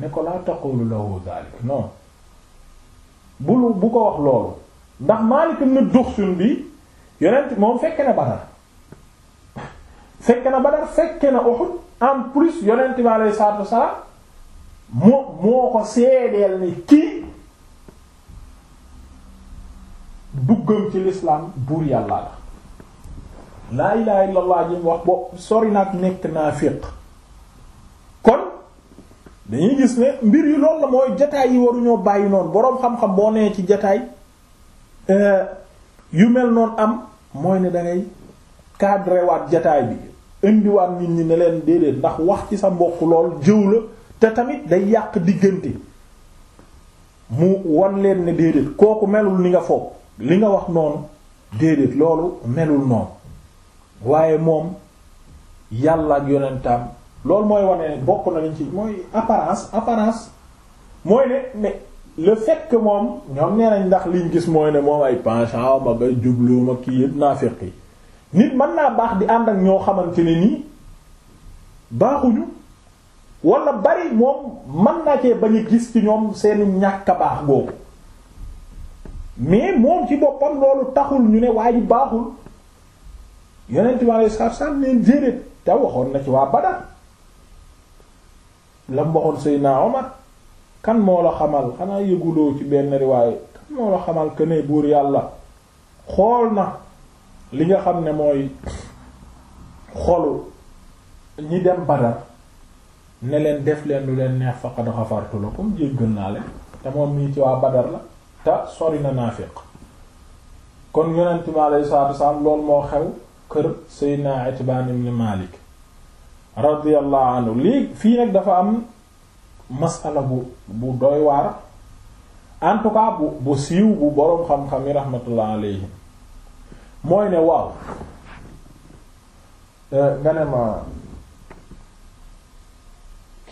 ne ko laa taqulu lahu dalik non bul bu ko wax loolu ndax Maalik ibn Duxsun bi yonent moom fekke na Badar fekke na Badar fekke na Uhud en plus yonent bi alayhi salaatu wasalaam moo moo ko seedeel ni kii duggam ci lislaam buur yàlla la laa ilaaha illallaah ji wax boo sori nag nekk naa féq dañuy gis ne mbir yu lool la mooy jataay yi waruñoo bàyyi noonu boroom xam-xam boo nee ci jataay euh, yu mel noonu am mooy ne da ngay jataay bi indiwaat nit ñi ne leen déedéet ndax wax ci sa mbokk lool jëw la te tamit day yàq diggante mu wan leen ne déedéet kooku melul ni nga foog li nga wax noonu déedéet loolu melul noonu waaye moom yàlla ak yonentam loolu mooy wane bokk na lañ ci mooy apparence apparence mooy ne mais le fait moom ñoom nee ndax liñ gis mooy ne moom ay penchant mag ay jubloo ma kii yëpp naa fekk yi nit mën naa baax di ànd ak ñoo xamante ne nii baaxuñu wala bari moom mën naa cee bañu gis ci ñoom seeni ñàkk a baax googu mais moom ci boppam loolu taxul ñu ne waa ji baaxul yonent bi alei satu salaam neen déedéet te waxoon na ci waa Badar lam waxoon Seydina Omar kan moo la xamal xanaa yëguloo ci benn riwaaye kan moo la xamal que buur yàlla xool na li nga xam ne mooy xolu ñi dem Badar ne leen def leen lu leen neex faqad xafartu lakum jéggal naa leen te moom mii ci waa Badar la te sori na naafiq kon yonent bi alayhi salaatu wa loolu moo xew kër Seydina Itbaan ibn Maalik radiyallahu anhu léegi fii nag dafa am masala bu bu doy waar en bu siiw bu boroom xam-xam yi rahmatullah alayhi mooy ne waaw euh, nga ne ma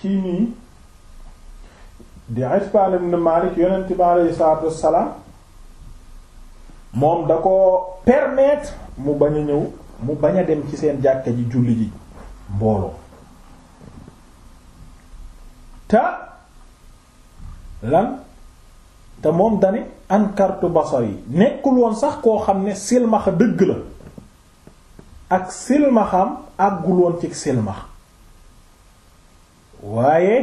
kii nii di Itbaan ibn Maalik yonent bi alayhi salaatu wassalaam moom da ko permettre mu bañ a ñëw mu bañ a dem ci seen jàkka ji julli ji mbooloo te lan te moom dani ankartu basar yi nekkul woon sax koo xam ne silmaxa dëgg la ak silmaxam àggul woon ci silmax waaye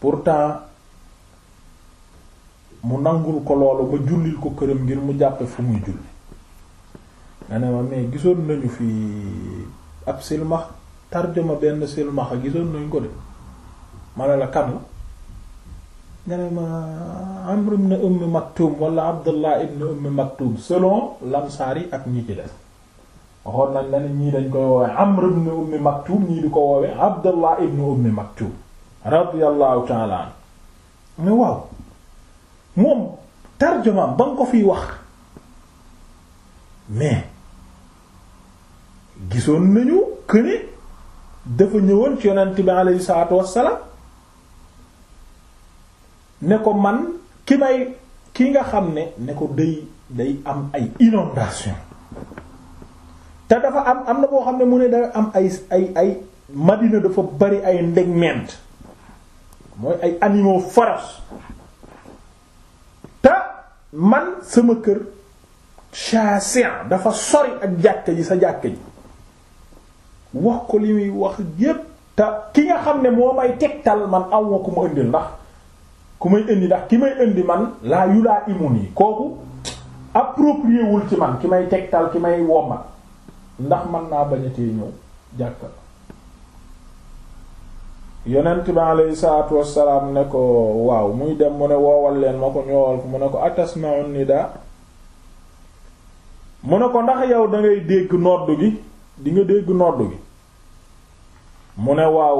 pourtant mu nangul ko loolu ba jullil ko këram ngir mu jàppe fu muy julli nga ne ma mais gisoon nañu fii ak silmax tarjuma benn silmaxa gisoon nañu ko de ma ne la kan la nga ne ma Amr ibn Umm Maktum wala Abdullah ibn Umm Maktum selon lamsaar ak ñi ci des ñii dañ koy woowee Amr ibn Umm Maktum ñii di ko woowee Abdullah ibn Umm Maktum radiyallahu ta'ala mais waaw moom tarjumaam ba nga ko fiy wax mais gisoon nañu këne dafa ñëwoon ci yonent bi alayhi salaatu wassalaam ne ko man ki may ki nga xam ne ne ko day day am ay inondation te dafa am am na koo xam ne mu ne da am ay ay ay Madina dafa bari ay ndegmeent mooy ay animaux féroces te man sama kër chassin dafa sori ak jàkka ji sa jàkka ji wax ko li muy wax yépp te ki nga xam ne moo may tegtal man aw ma ku ma indil ndax ku may indi ndax ki may indi man laa yu laa imun yi kooku approprié wul ci man ki may tegtal ki may wommat ndax man naa bañatee ñëw jàkka yonent bi aleyhi salaatu wassalaam ne ko waaw muy dem mu ne woowal leen ma ko ñoowal ko mu ne ko atasma'un nida mu ne ko ndax yow da ngay dégg noddu gi di nga dégg noddu gi mu ne waaw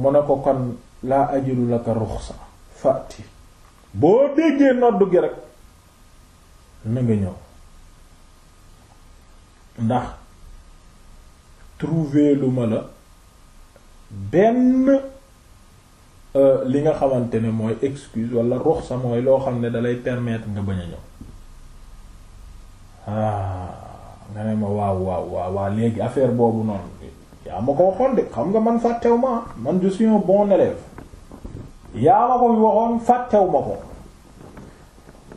mu ne ko kon laa ajidu laka ruxsa fàtti boo déggee noddu gi rek na nga ñëw ndax trouver la benn euh, li nga xamante ne mooy excuse wala ruxsa mooy loo xam ne dalay permettre nga bañ a ñëw ah, nga ne ma waaw waaw waaw léegi affaire boobu noonu yaa ma ko waxoon de xam nga man fàttew ma man je suis un bon élève yaa ma ko waxoon fàttew ma ko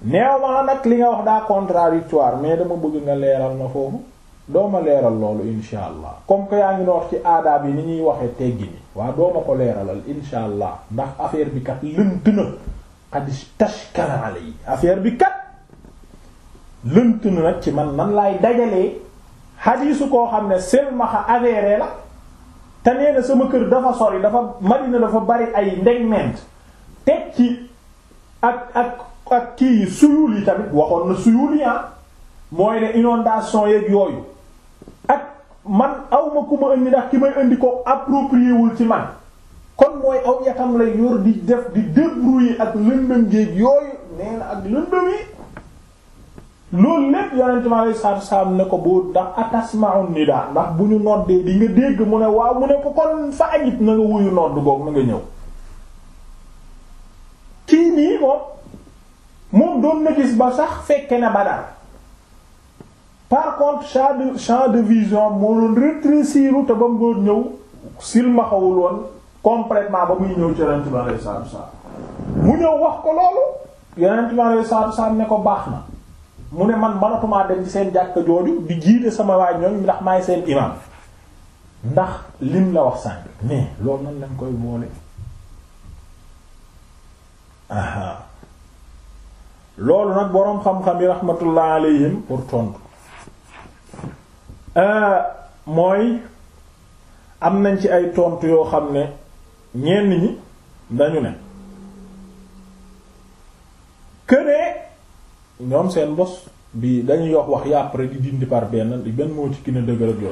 neew ma nag li nga wax daa contradictoire mais dama bëgg nga leeral na foofu dooma leeral loolu insha allah comme que yaa ngi noox ci aadaab yi ni ñuy waxee teggi ni waa dooma ko leeralal insha allah ndax affaire bi kat lënt na xad tashkala alay affaire bi kat lënt na nag ci man nan laay dajalee xadiisu koo xam ne selmaxa avéré la te nee sama kër dafa sori dafa Madina dafa bari ay ndegment teg ci ak ak ak kii suyul yi tamit waxoon na suyul yi ah mooy ne inondation yeeg yooyu ak man awma ku ma indi ndax ki may indi ko approprié wul ci man kon mooy aw yatam lay yor di def di débrouiller ak lëndëm yooyu nee ak lëndëm loolu lépp yonente mi alayhi salaatu salaam ko boo ndax atasma'u nidaa ndax bu ñu noddee di dégg mu ne waaw mu ne ko kon fa ajib na wuyu nodd goog na nga ñëw kii nii moom moom doon na ba sax fekke na Badar par contre champ de vision moo doon rétrécir te ba mu doon ñëw silmaxawul woon complètement ba muy ñëw ci yonente mi alayhi salaatu mu ñëw wax ko loolu yonente mi alayhi salaatu ne ko baax na mu ne man manatumaa dem ci seen jàkka jooju di jiite sama waay ñoom ndax maay seen imam ndax lim la wax sànq mais loolu lañ koy boole aha loolu nag boroom xam-xam yi rahmatullah pour tontu euh, mooy am nañ ci ay tontu yoo xam ne ñenn ñi dañu ne këne ñoom seen bos bii dañuy yox wax ya di dindi par benn di benn moo ci gën a yooyu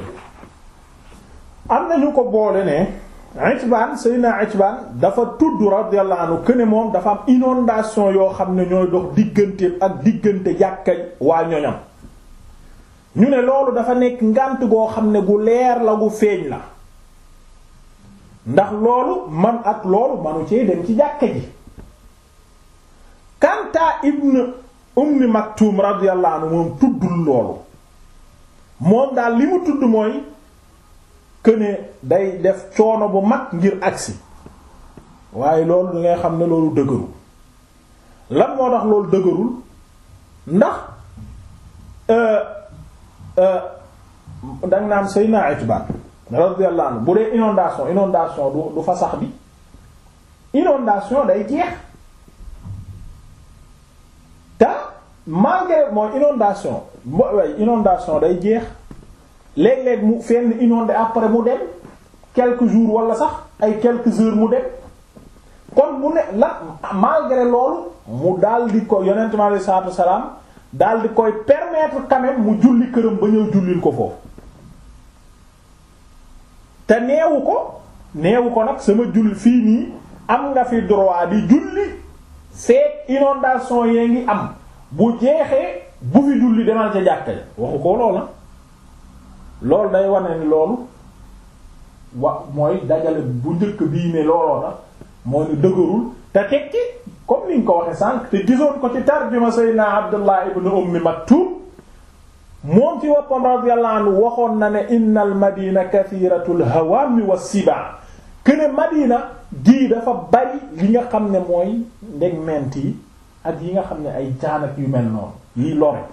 am na ñu ko boole ne Itbaan Seydina Itbaan dafa tudd radiyallahu anhu moom dafa am yoo xam ne ñooy dox digganteem ak diggante jàkka waa ñoñam ñu ne loolu dafa nekk ngànt goo xam ne gu leer la gu feeñ la ndax loolu man ak loolu manu cee dem ci jàkka ji kanta ibn ummi maktuum radiyallahu anhu moom tuddul loolu moom daal li mu tudd mooy këne day def coono bu mag ngir agsi waaye loolu dangay xam ne loolu dëgërul lan moo tax loolu dëgërul ndax euh, euh, danga naan say naa itbaan radiyallahu anhu bu dee inondation inondation du du fasax bi inondation day jeex te malgré mooy inondation mooy inondation day jeex léeg-léeg mu fenn inondé après mu dem quelque jour wala sax ay quelque heures mu dem kon mu ne la malgré loolu mu daal di ko yonent mi salaam dal di koy permettre quand mu julli këram ba ñëw jullil ko foofu te neewu ko neewu ko nag sama julli fii nii am nga fi droit di julli seet inondation yee ngi am bu jeexee bu fi julli demal ca jàkka ja waxu ko loolu la loolu day wane ni loolu wa mooy dajale bu njëkk bii ne looloo la mooy ne dëgërul te tekki comme ni ko waxe sànq te gisoon ko ci tarjuma Seydina Abdullah ibn Ummi Maktum moom ci woppam radiyallahu anhu waxoon na ne innal madina kathiratul hawami wa siba këne Madina gii dafa bari li nga xam ne mooy ndeg ment yi ak yi nga xam ne ay jaan ak yu mel noonu yi lore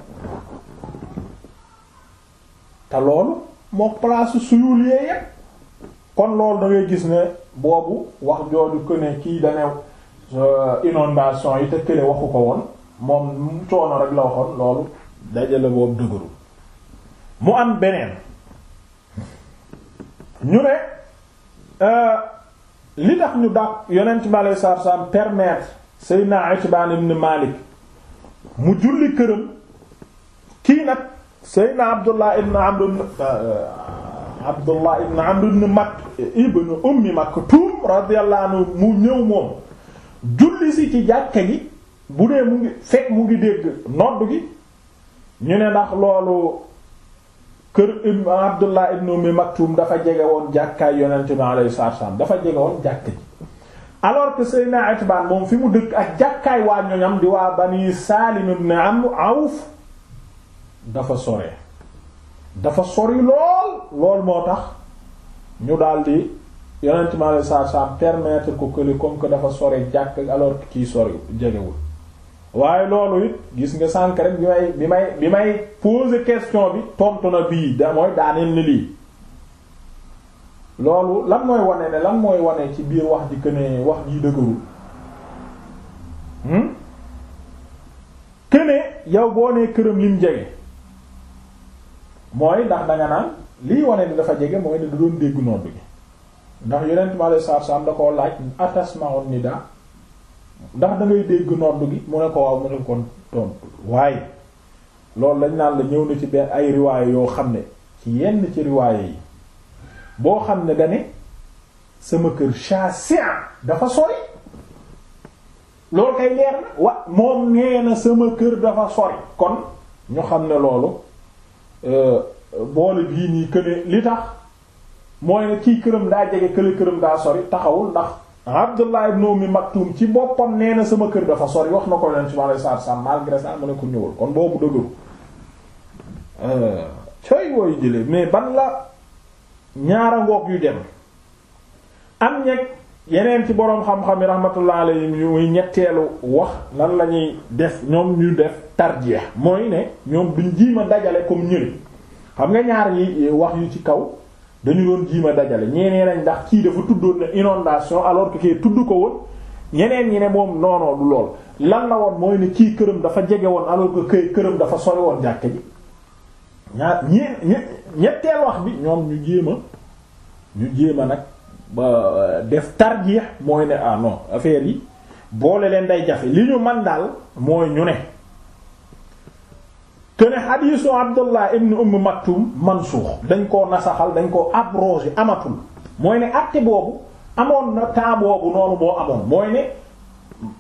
te loolu moo place suyul yee kon loolu da gis ne boobu wax jooju que ne kii da ne euh, yi te kële waxu ko woon moom coono rek la waxoon loolu dajale boobu dëgëru mu am beneen ñu ne Euh, li tax ñu dàq yonent bi aleyhi salaatu wa salaam permettre Seydina Itbaan ibn Maalik mu julli këram kii nag Seydina Abdullah ibn Amr euh, ibn Amr ibn Mak ibn Ummi Maktum radiyallahu anhu mu ñëw moom julli si ci jàkka gi bu dee mu ngi fekk mu ngi dégg nodd gi ñu ne ndax loolu kër ibn Abdullah ibn Ummi Maktum dafa jege woon jàkkaay yonente bi alayhi dafa jege woon jàkk ji alors que Seydina Itbaan moom fi mu dëkk ak jàkkaay waa ñoñam di waa Bani Saalim ibn am Awf dafa sore dafa sori lool lool moo tax ñu daldi di bi alayhi salaatu wasallam permettre ko kële comme que dafa sore jàkk alors que kii sori jegewul waaye loolu it gis nga sànk rek bi may bi may bi may poser question bi tontu na bii da mooy daaneel ni lii loolu lan mooy wane ne lan mooy wane ci biir wax ji que wax ji dëgërul hmm? que ne yow boo nee këram lim jege mooy ndax danga naan lii wane ne dafa jege mooy ne da doon dégg nodd gi ndax yonent mi alayhi salaatu salaam da koo laaj atasma'un nidaa ndax da dégg nodd gi mu ne ko waaw mu ne ko tontu waaye loolu lañ naan la ñëw na ci benn ay riwaaye yoo xam ne ci yenn ci riwaaye yi boo xam ne dane sama kër chassin dafa sori loolu kay leer na wa moom nee na sama kër dafa sori kon ñu xam ne loolu euh, boole bii nii këne li tax mooy ne kii këram daa jege kële këram daa sori taxawul ndax Abdullah ibn Ummi Maktum ci boppam nee na sama kër dafa sori wax na ko leen subhaanahu wa ta'aala malgré ça mu ne ko ñëwul kon boobu dëgëru euh, coy wooyu jëlee mais ban la ñaara ngoog yu dem am ñeg yeneen ci boroom xam-xam yi rahmatullah alayhim yu muy ñetteelu wax lan la ñuy def ñoom ñu def tarjeex mooy ne ñoom duñ jiima dajale comme ñëri xam nga ñaar yi wax yu ci kaw dañu doon jiima dajale ñeneen nañ ndax kii dafa tuddoon ne inondation alors que kii tudd ko woon ñeneen ñi ne moom noonoo du lool lan la woon mooy ne kii këram dafa jege woon alors que këy këram dafa sori woon jàkke ji ñaar ñe ñetteel wax bi ñoom ñu jéema ñu jéem a nag ba euh, def tarjiix mooy ne ah non affaire yi boole leen day jafe li ñu man daal mooy ñu ne kene xadiisu abdullah ibn umm man mansuux dañ koo nasaxal dañ koo abrogé amatul mooy ne acte boobu amoon na temps boobu noonu boo amoon mooy ne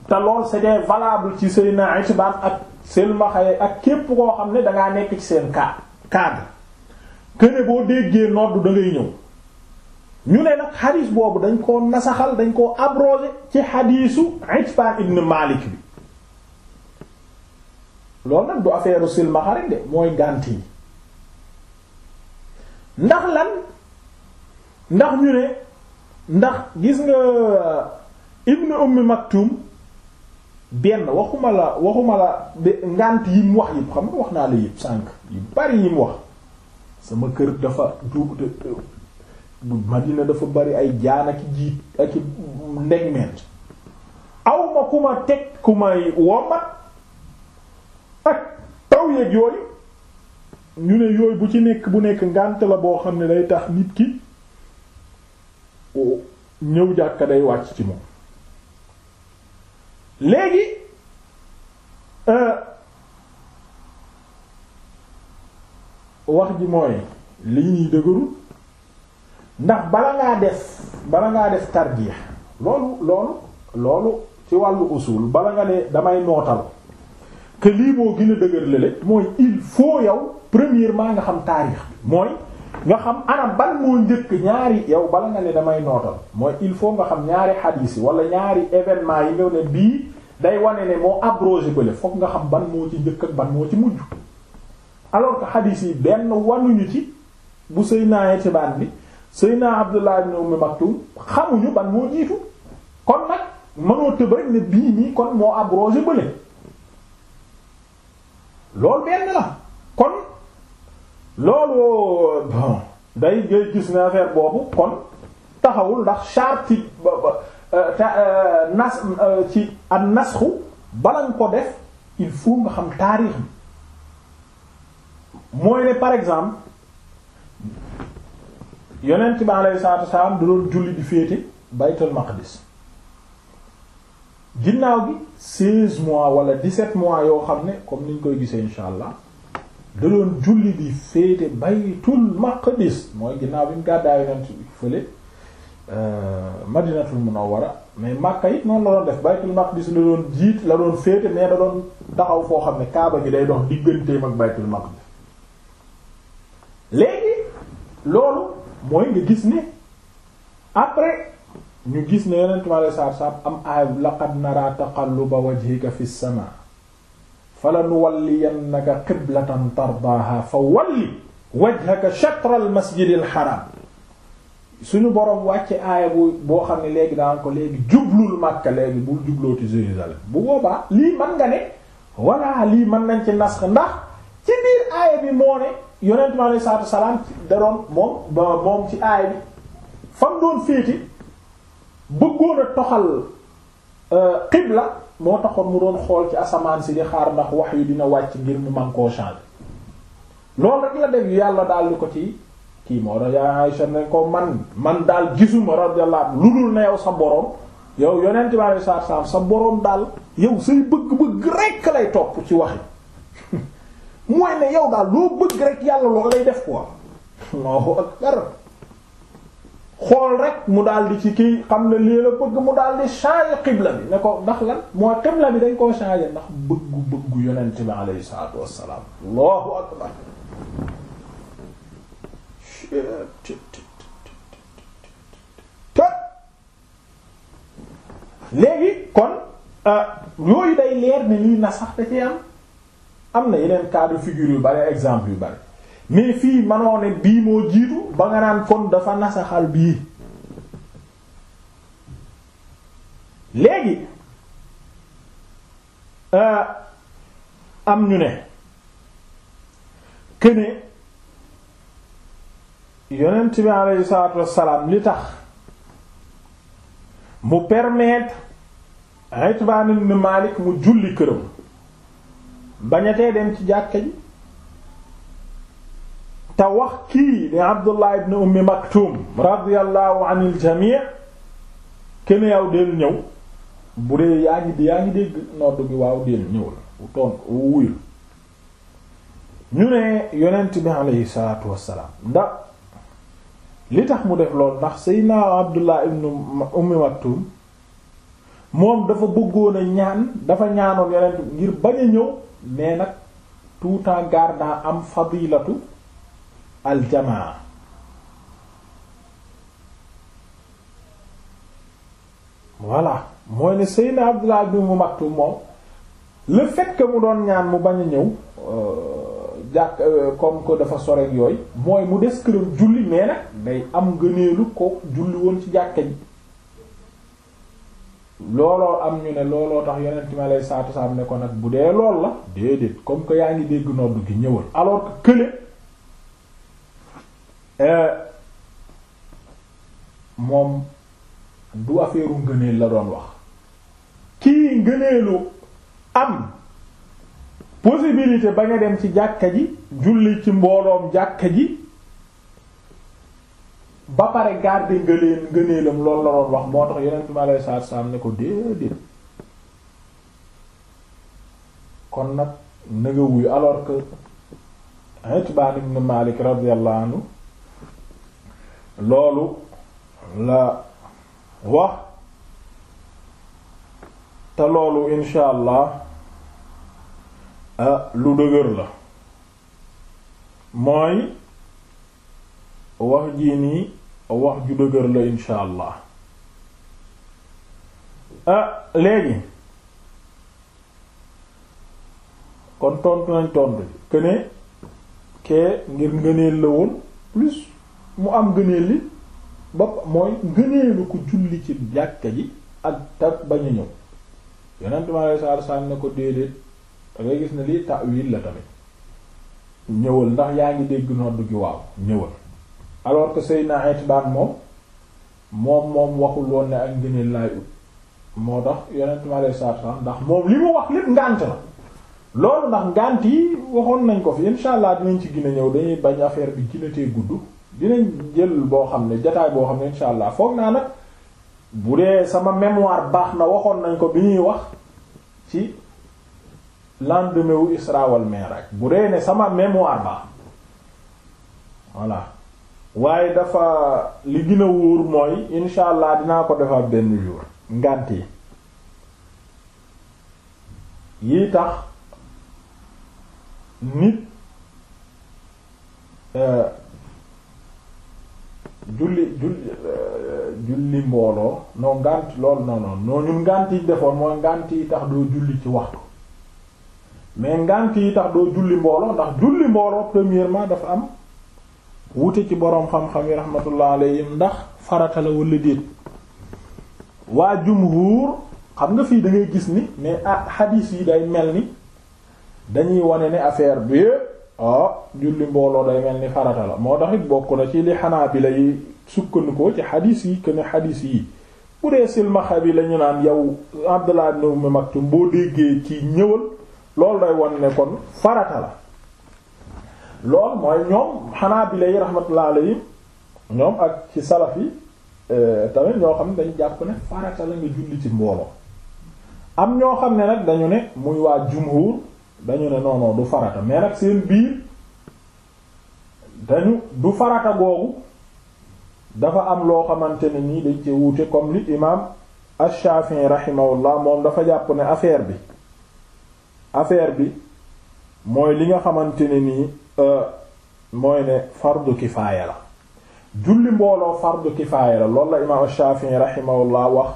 te lool c'était valable ci Seydina Itbaan ak selmaxaye ak képp koo xam ne dangaa nekk ci seen kaa cadre kene boo déggee noddu da ngay ñëw ñu ne nag xadiis boobu dañ koo nasaxal dañ koo abrogé ci xadiisu Itbaan ibn Maalik bi lool nag du affaire silmaxarin de mooy ngant yi ndax lan ndax ñu ne ndax gis nga ibnu ummi maktum benn waxuma la waxuma la ngànt yi mu wax yëpp xam nga wax naa la yëpp bari yi mu wax sama kër dafa du madina dafa bari ay jaan ak jiit ak ndegmeent awma ku ma teg ku may womat ak taw yeeg yooyu ñu ne yooyu bu ci nekk bu nekk ngànt la boo xam ne day tax nit ki ñëw jàkka day wàcc ci moom léegi euh, wax ji mooy lii ñuy dëgërul ndax bala ngaa des bala ngaa def tarjiix loolu loolu loolu ci wàllu usul bala nga ne damay nootal que lii moo gën a dëgër lële mooy il faut yow premièrement nga xam taarix bi mooy nga xam anam ban moo njëkk ñaari yow bala nga ne damay nootal mooy il faut nga xam ñaari xadiis yi wala ñaari événement yi ñëw ne bii day wane ne moo abrogé bële fokk nga xam ban moo ci njëkk ak ban moo ci mujj alors que xadiis yi benn wanuñu ci bu Seydina Itbaan bi Seydina Abdullah ibn Umm Maktum xamuñu ban moo jiitu kon nag mënoo tëb rek ne bii nii kon moo loolu benn la kon loolu bon day ngay gis ne affaire boobu kon taxawul ndax charte ba ba euh, euh, nas euh, ci ak nasxu bala nga ko def il faut nga xam taarix bi mooy ne par exemple yonent bi alayhi salaatu wa salaam du doon julli di féete baytul maqdis ginnaaw bi seize mois wala dix-sept mois yoo xam ne comme ni ñu koy gisee insha allah da doon julli di féete baytul maqdis mooy ginnaaw bi mu gàddaay yonent bi fële euh, war a mais Makka it noonu la doon def baytul maqdis la doon jiit la doon féete mais da doon taxaw xam ne kaaba gi day dox digganteem ak baytul maqdis léegi loolu mooy nga gis ni après ñu gis ne yonent mi alei satu salaam am aayab laqad nara taqalluba wajhika fi samaa fala nuwalliyannaka qiblatan tardaaha fa walli wajhaka shatra al masjid al haram suñu boroom wàcce aaya bu boo xam ne léegi daan ko léegi jublul Makka léegi bul jublooti Jérusalem bu boobaa lii mën nga ne walla lii mën nañ ci nasx ndax ci biir aaya bi moo ne yonent mi alei salatu da doon moom moom ci aaya bi fam doon féeti bëggoon a toxal xibla euh, moo taxoon mu doon xool ci asamaan si di xaar ndax wax yi dina wàcc ngir mu man koo changer loolu rek la def yu yàlla daal li ko ci kii moo tax yaa Aysa ne ko man man daal gisuma radiyallahu lu dul na yow sa borom yow yonent bi alei sa boroom daal yow say bëgg-bëgg rekk lay topp ci waxi mu ne yow daal loo bëgg rek yàlla loolu lay def quoi Allahu akbar xool rek mu daal di ci kii xam na lii la bëgg mu daal di changer xibla bi ne ko ndax lan mooy xibla bi dañ koo changer ndax bëggu bëggu yonent bi alayhi salaatu wassalaam allahu akbar léegi kon euh, yooyu day leer ne lii na sax da ci am am na yeneen cas de figure yu bari exemple yu bari mais fii manoo bii moo jiitu ba nga naan kon dafa nasaxal bii léegi euh, am ñu ne këne yonent bi aleyhi salaatu wassalaam li tax mu permettre Itbaan ibn Maalik mu julli këram bañatee dem ci jàkka ji te wax kii di Abdullah ibn Ummi Maktum radiyallahu anil jamii kenn yaw del ñëw bu dee yaa ngi yaa ngi dégg nodd gi waaw del ñëw la ton wuyul ñu ne yonent bi aleyhi salaatu wassalaam ndax li tax mu def lool ndax Seydina Abdullah ibn Ummi Maktum moom dafa bëggoon ñaan dafa ñaanoon yonent ngir bañ a ñëw mais nag tout temps garde am fadilatu aljamaa voilà mooy ne Seydina Abdullah ibn Umm Maktum moom le fait mu doon ñaan mu bañ ñëw euh, jàkk euh, comme que dafa sore ak mooy mu des këram julli mais nag day am gëneelu ko julli woon ci jàkka looloo am ñu ne looloo tax yeneen yonent ma lay saatu saam ne ko nag bu dee lool la déedéet comme que yaa ngi dégg noddu gi ñëwal alors que kële Euh, moom du affaire ngëneel la doon wax kii ngëneelu am possibilité ba nga dem ci jàkka ji julli ci mbooloom jàkka ji ba pare garder ngëneel ngëneelam loolu la doon wax moo tax yeneen bi ma lay saar saar ne ko déedéet kon nag na nga wuyu alors que Itbaan ibn Malik radiyallahu loolu la wax te loolu insha ah, lu dëgër la mooy wax ji nii wax ju dëgër la insha allah ah, léegi kon tontu nañ tontu que kee ngir ngëneel la woon plus mu am gëneel li bopp mooy gëneelu ko julli ci jàkka ji ak tak bañ a ñëw yonent mi alei salatu salaam ne ko déedéet da ngay gis ne lii ta'wil la tamit ñëwal ndax yaa ngi dégg nodd gi waaw ñëwal alors naa Seydina Itbaan moom moom moom waxul woon ne ak ngëneel laay ut moo tax yonent mi alei salatu sax ndax moom li mu wax lépp ngànt la loolu ndax ngànt yi waxoon nañ ko fi insha allah dinañ ci gën a ñëw dañuy bañ affaire bi gën a tee gudd dinañ jël boo xam ne jataay boo xam ne insha allah foog naa nag bu dee sama mémoire baax na waxoon nañ ko bi ñuy wax ci lendemain wu Isra wal bu dee ne sama mémoire baax voilà waaye dafa li gën a mooy insha allah dinaa ko defar benn jour ngànt yi yii tax nit. Euh, julli julli euh, julli mbooloo noo ngànt loolu non non noo ñun ngànt yi defoon mooy ngànt yi tax doo julli ci waxtu mais ngànt yi tax doo julli mbooloo ndax julli mbooloo premièrement dafa am wute ci boroom xam-xam yi rahmatullah alayhim ndax farata la wala déet waa jumhuur xam nga fii da ngay gis ni mais ah yi day mel ni dañuy wane ne affaire bi ah julli mbooloo day mel ni farata la moo tax it bokk na ci li xanaa bi lay sukkandikoo ci xadiis yi que ne xadiis yi bu dee silmaxa bi lañu ñu naan yow Abdullah ibn Umm Maktum boo déggee ci ñëwal lool day wan ne kon farata la lool mooy ñoom xanaa bi lay rahmatullah alayhi ñoom ak ci salaf yi eh, tamit ñoo xam ne dañu jàpp ne farata la nga julli ci mbooloo am ñoo xam ne nag dañu ne muy waa jumhur dañu ne non non du farata mais nag seen biir dañu du farata googu dafa am loo xamante ne nii dañ ci wuute comme li imaam Ash-Shafi'i rahimahullah moom dafa jàpp ne affaire bi affaire bi mooy li nga xamante ne nii euh, mooy ne fardu kifaaya la julli mbooloo fardu kifaaya la loolu la imaam Ash-Shafi'i rahimahullah wax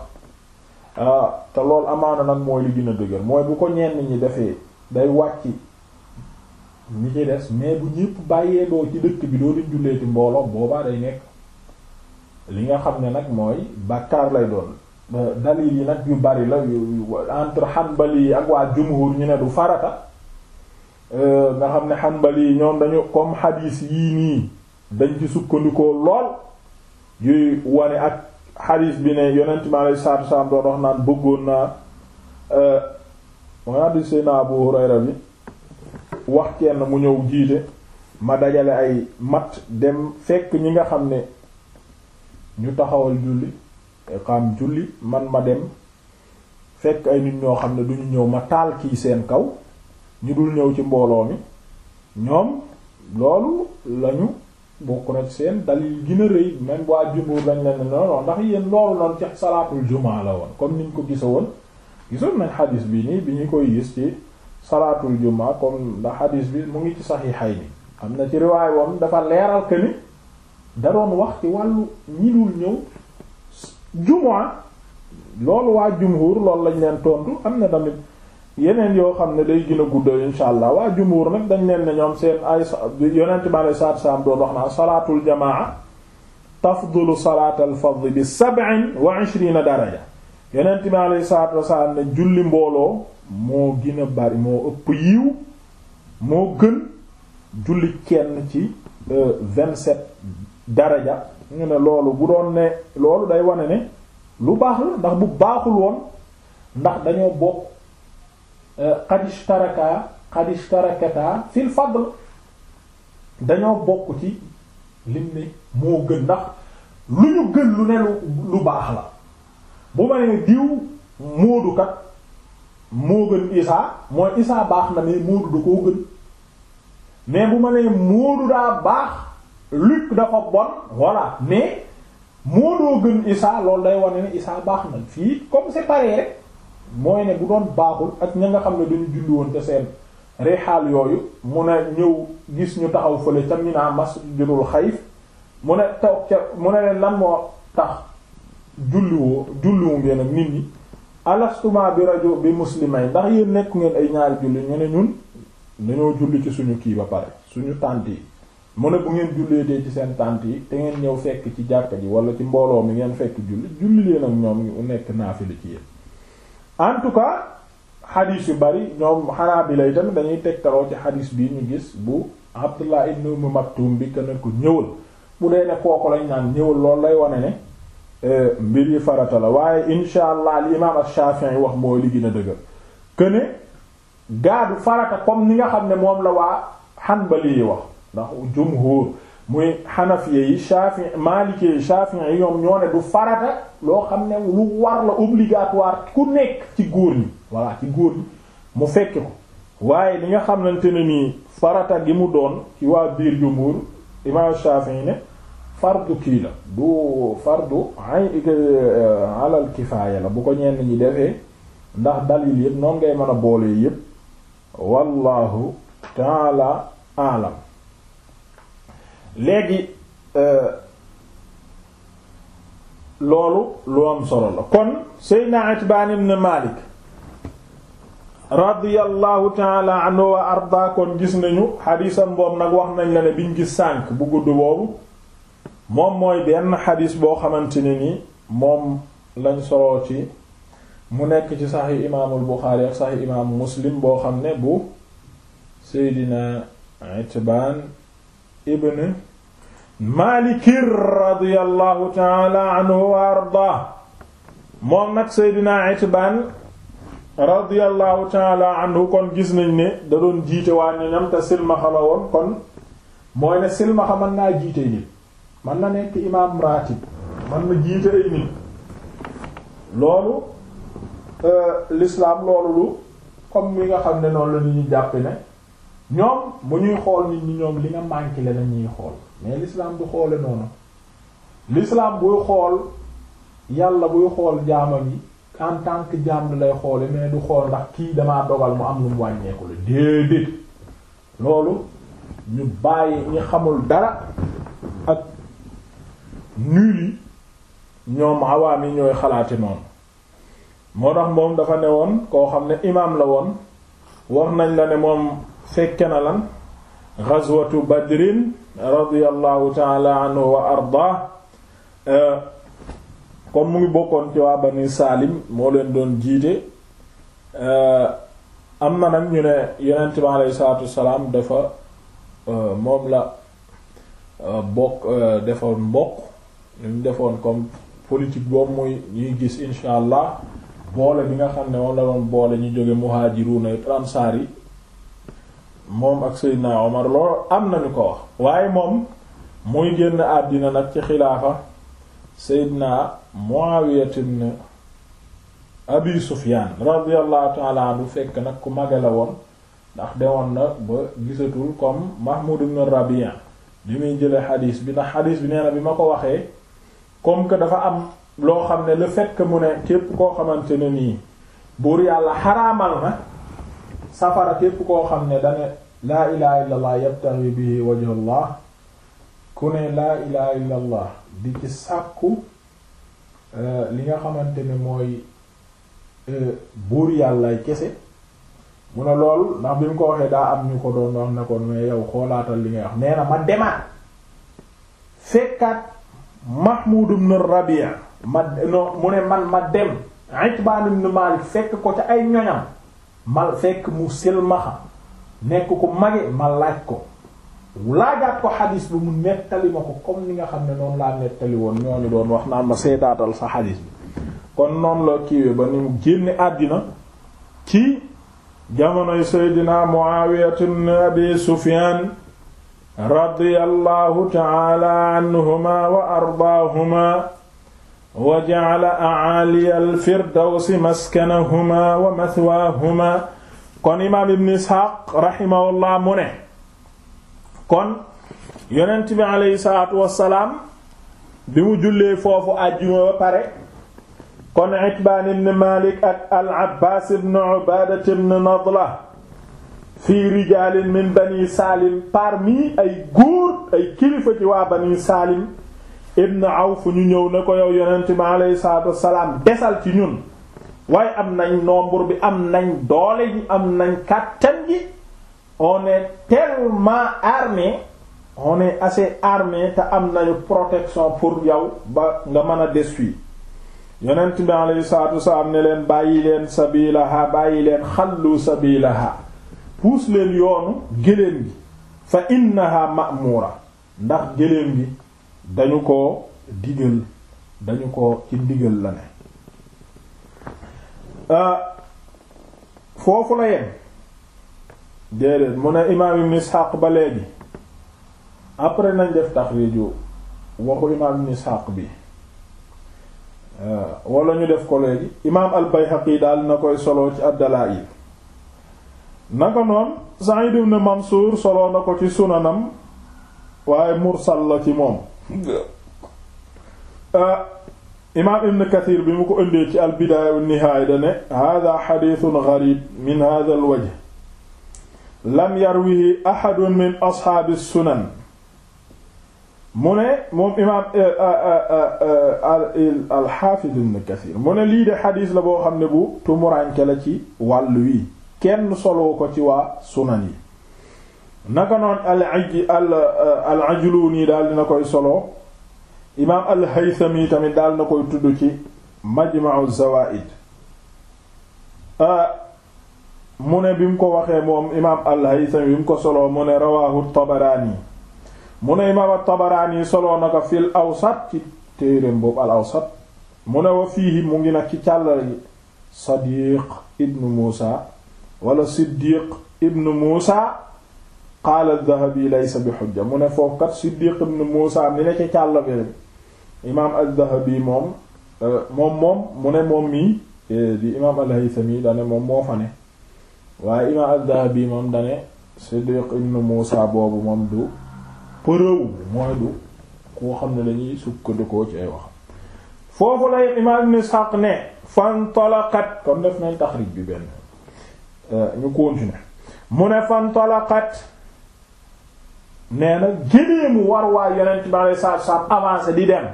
euh, te loolu amaana nag mooy li gën dëgër mooy bu ko ñenn ñi defee day wàcc ñi ci des mais bu ñépp bàyyeendoo ci dëkk bi doo leen julleeti mbooloo boobaa day nekk li nga xam ne nag mooy bàkkaar lay doon dalil yi nag yu bari la yu entre xanbali yi ak waa jumhur ñu ne du farata euh, nga xam ne xanbali yi ñoom dañu comme xadiis yi nii dañ ci sukkandikoo lool yuy wane ak xadiis bi ne yonent mi alayhi salaatu wa salaam naan bëggoon naa euh, mooy àddi Seydina Abu Hurayra bi wax kenn mu ñëw jiite ma dajale ay mat dem fekk ñi nga xam ne ñu taxawal julli xam julli man ma dem fekk ay nit ñoo xam ne duñu ñëw ma taal kii seen kaw ñu dul ñëw ci mbooloo mi ñoom loolu lañu bokk na seen dalil gën a rëy même waa jumbuur lañ leen ne noonu ndax yéen loolu noonu ci salaatul jumaa la woon comme niñ ko gisa woon gisoon nañ xadis bi nii bi ñu koy gis ci salaatul jumaa comme ndax xadis bi mu ngi ci saxiixay ni am na ci riwaay woon dafa leeral que ni da wax ci wàllu ñi dul ñëw jumaa loolu waa jumhur loolu lañ leen tontu am na tamit yeneen yoo xam ne day gën a guddal insha allah waa jumhur nag dañ leen ne ñoom seen ay yonent bi alei saatu salaam doon wax naa salaatul jamaa tafdulu salaatal fadl bi sab'in wa daraja yonent bi alayhi salaatu wasalaam ne julli mbooloo moo gën a bari moo ëpp yiw moo gën julli kenn ci euh, vingt-sept mu ngi ne loolu bu doon ne loolu day wane ne lu baax la ndax bu baaxul woon ndax dañoo bokk xadish euh, taraka xadish tarakata fil dañoo bokk ci lim ne moo gën ndax lu ñu gën lu ne lu baax la bu ma ne diw Moodu kat moo gën Isaa mooy Isaa baax na mais Moodu du koo gën mais bu ma nee Moodu daa baax Luc dafa bon voilà mais Moodoo gën Isaa loolu day wane ne Isaa baax na fii comme si pareil rek mooy ne bu doon baaxul ak ña nga xam ne dañu julli woon te seen reexaal yooyu mu ne ñëw gis ñu taxaw fële ca Mina masjidul Xayf mu ne toog ca mu ne leen lan moo tax. julliwoo julliwu ngeen ak nit ñi alastuma bi rajo bi muslimay ndax yéen nekk ngeen ay ñaari julli ñu ne ñun dañoo julli ci suñu kii ba pare suñu tànt yi mu ne bu ngeen jullee dee ci seen tànt yi te ngeen ñëw fekk ci jàkka ji wala ci mbooloo mi ngeen fekk julli julli leen ak ñoom u nekk naafila ci yéen en tout cas xadiis yu bari ñoom xanaa bi lay tamit dañuy tegtaloo ci xadiis bii ñu gis bu Abdullah ibn Umm Maktum bi que ne ko ñëwal bu dee ne kooku lañ loolu lay wane ne mbir yi farata la waaye insha allah al imaam Shafi'i wax mooy li gën a dëgër que gaadu farata comme ni nga xam ne moom la waa Hanbali yi wax ndax jumhur muy Hanafiye yi Shafi'i Maliki yi Shafi'i yi ñoom ñoo ne du farata loo xam ne lu war la obligatoire ku nekk ci góor ñi voilà ci góor ñi mu fekk ko waaye li nga xamante ne nii farata gi mu doon ci waa biir jumhur imaam Shafi'i ne. fardu kii la du fardu ay euh, alal kifaaya la bu ko ñenn ñi defee ndax dalil yëpp noonu ngay mën a boole yëpp wallahu taala alam léegi euh, loolu lu am solo la kon seydna Itbaan ibn Maalik radiyallahu taala anhu wa arda gis nañu xadiisam boobu nag wax nañ la ne biñ gis sànk bu gudd boobu moom mooy benn xadis boo xamante ne ni moom lañ soloo ci mu nekk ci saxi imaamul Buxaari ak saxi imaamu Muslim boo xam ne bu Seydina Itbaan ibn Maalikir radiyallahu taala anhu wa ardaa moom nag Seydina Itbaan radiyallahu taala anhu kon gis nañ ne da doon jiite waa ñoñam te silmaxa la woon kon mooy ne silmaxa mën naa jiite nit man na nekk imaam ratib man na jiite ay nit loolu euh, l'islam loolu lu comme mi nga xam ne noonu la nit ñi jàpp ne ñoom bu ñuy xool nit ñi ñoom li nga manqué la ñuy xool mais lislaam du xoole noonu l'islam buy xool yàlla buy xool jaamam yi en tant que jaam lay xoole mais du xool ndax kii damaa dogal mu am lu mu wàññeeku la déedéet loolu ñu bàyyi ñu xamul dara nul yi ñoom awaam yi ñooy xalaate noonu moo tax moom dafa ne woon koo xam ne imaam la woon wax nañ la ne moom fekke na lan ghazwatu badrin radiyallahu taala anhu wa arda euh, comme mu ngi bokkoon ci waa bani saalim moo leen doon jiite euh, am na nag ñu ne yonent bi aleyhi salaatu salaam dafa euh, moom la bokk defoon mbokk ñu defoon comme politique boobu muy ñuy gis insha allah boole bi nga xam ne moom la doon boole ñu jóge muhajiruna ansaar yi moom ak Seydina Omar loolu am nañu ko wax waaye moom muy génn àddina nag ci xilaafa Seydina Muawiya ibn Abi Sufyaan radiyallahu ta'ala anhu fekk nag ku mage la woon ndax de woon na ba gisatul comme Mahmud ibn Rabi' bi muy jële xadiis bi ndax xadiis bi nee na bi ma ko waxee comme que dafa am loo xam ne le fait mu ne képp koo xamante ne nii buur yàlla xaraamal na safara tépp koo xam ne dane laa ilaha illa allah yabtaxi bihi wajh allah ku ne laa ilaha illa di ci sàkku euh, li nga xamante ne mooy euh, buur yàllay kese mu ne lool ndax bi mu ko waxee daa am ñu ko doon wax ne ko mais yow xoolaatal li ngay wax nee na ma demaat fekkaat Mahmoud ibn Rabi' ma no mu ne man ma dem Itbaan ibn Maalik fekk ko ca ay ñoñam ma fekk mu silmaxa nekk ko mage ma laaj ko laajaat ko xadis bi mu nettali ma ko comme ni nga xam ne noonu laa nettali woon ñooñu doon wax naa ma seetaatal sa xadis bi kon noonu la kiiwee ba ni mu génne àddina ci jamonoy Seydina Muawiya ibn Abi Sufyaan radiyallahu ta'ala anhuma wa ardaahuma wa ja'ala a'aaliya al-firdawsi maskanahuma wa mathwaahuma kon imaam ibn isxaaq rahimahullah mu ne kon yonent bi aleyhi salaatu wassalaam bi mu jullee foofu àjjuma ba pare kon itbaan ibn malik ak al abbaas ibn ubaada ibn nadla fi rijalin min bani saalim parmi ay góor ay kilifa ci waa bani saalim ibn awf ñu ñëw ne ko yow yonent bi aleyhi salaatu wassalaam desal ci ñun waaye am nañ nombre bi am nañ doole ji am nañ kàttan ji on est tellement armé on est te am nañu protection pour yow ba nga mën a des fii yonent bi aleyhi salaatu wassalaam ne leen bàyyi leen sabilaha bàyyi leen xallu sabilaha puus leen yoonu géléem gi fa innaha ma'mura ndax géléem gi dañu ko digal dañu ko ci digal la ne euh, foofu la yem déedéet mu ne imaam ibn Ishaq ba léegi après nañ def taxriiju waxu imaam ibn Ishaq bi euh, wala ñu def ko léegi imaam al-Bayhaqi daal na koy solo ci ad-Dalaa'il naka noon Sa'id ibn Mansuur soloo na ko ci sunanam waaye mursal la ci moom ah, imaam ibn Kathir bi mu ko ëndee ci al-Bidaaya wa an-Nihaaya da ne haaza hadiisun gariib min haazal wajh lam yarwihi ahadun min ashaabi sunan mu moom imaam eh, eh, eh, al-Haafiz ibn Kathir mu lii de xadiis la boo xam ne bu tumuraanke la ci wàll wi kenn soloo ko ci waa sunan yi naka noon al uh, ajluni daal dina koy solo imaam al haythami tamit daal na koy tudd ci majma'u zawaid uh, mu ne bi mu ko waxee moom imaam al haythami bi mu ko solo mu ne rawaahu tabaraani mu ne imaam al tabaraani solo na ko fil awsat ci téereem boobu al awsat mu ne wa fiihi mu ngi nag ci càllal yi sadiq ibnu muusa wala siddiq ibn muusa qaala dahabi laysa bi xujja mu ne foofu kat siddiq ibn muusa ni ne ca càll bi imaam al-dahabi moom euh, moom moom mu ne moom mii euh, di imaam al-haythami dane moom moo fa ne waaye imaam al-dahabi moom dane siddiq ibn muusa boobu moom du përëw mooy du koo xam ne lañuy sukkandikoo ci ay wax foofu lay imaam ibn ishaq ne fantalaqat kon def nañ taxrij bi benn Euh, ñu continuer mu ne fantalaqat nee na génneemu war waa yonent bi alei salatu salaam avancé di dem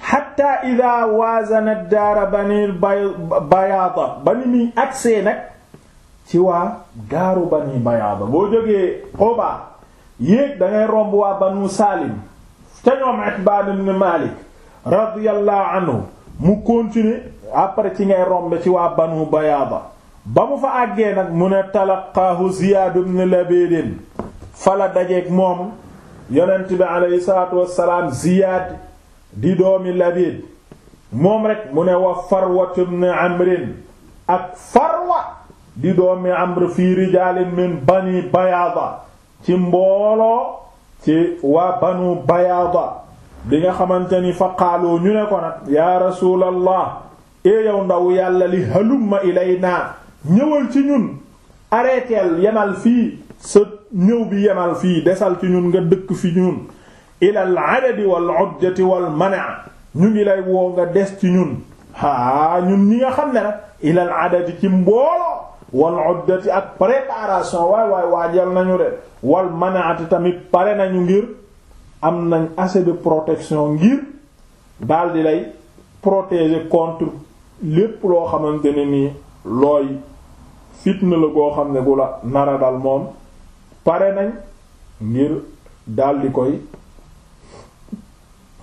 xatta ida waazana daara banil bayaada ba ni muy agsee nag ci waa gaaru bani bayaada boo jógee Quba yéeg dangay romb waa banu Saalim ca ñoom Itbaan ibn Maalik radiyallahu anhu mu continuer après ci ngay romb ci waa banu bayaada ba mu fa àggee nag mu ne talaqaahu Ziyaad ibn Labiid fa la dajeeg moom yonent bi aleyhi salaatu wassalaam Ziyaad di doomi Labiid moom rek mu ne wa Farwa ibn Amrin ak Farwa di doomi Amr fii rijaalin min Bani Bayaada ci mbooloo ci waa Banu Bayaada bi nga xamante ni fa qaaloo ñu ne ko nag yaa rasuulallah ee yow ndaw yàlla li halumma ilaynaa ñëwal ci ñun arrêteel yemal fii sa ñëw bi yemal fii desal ci ñun nga dëkk fi ñun ilal adadi wal udjati wal mana ñu ngi lay woo nga des ci ñun ñun ñi nga xam ne nag ilal adadi ci mbooloo wal uddati ak préparation waay waay waajal nañu de wal manaati tamit pare nañu ngir am nañ assez de protection ngir daal di lay protéger contre lépp loo xamante ne nii looy fitna la goo xam ne gu la nara dal moom pare nañ ngir daldi koy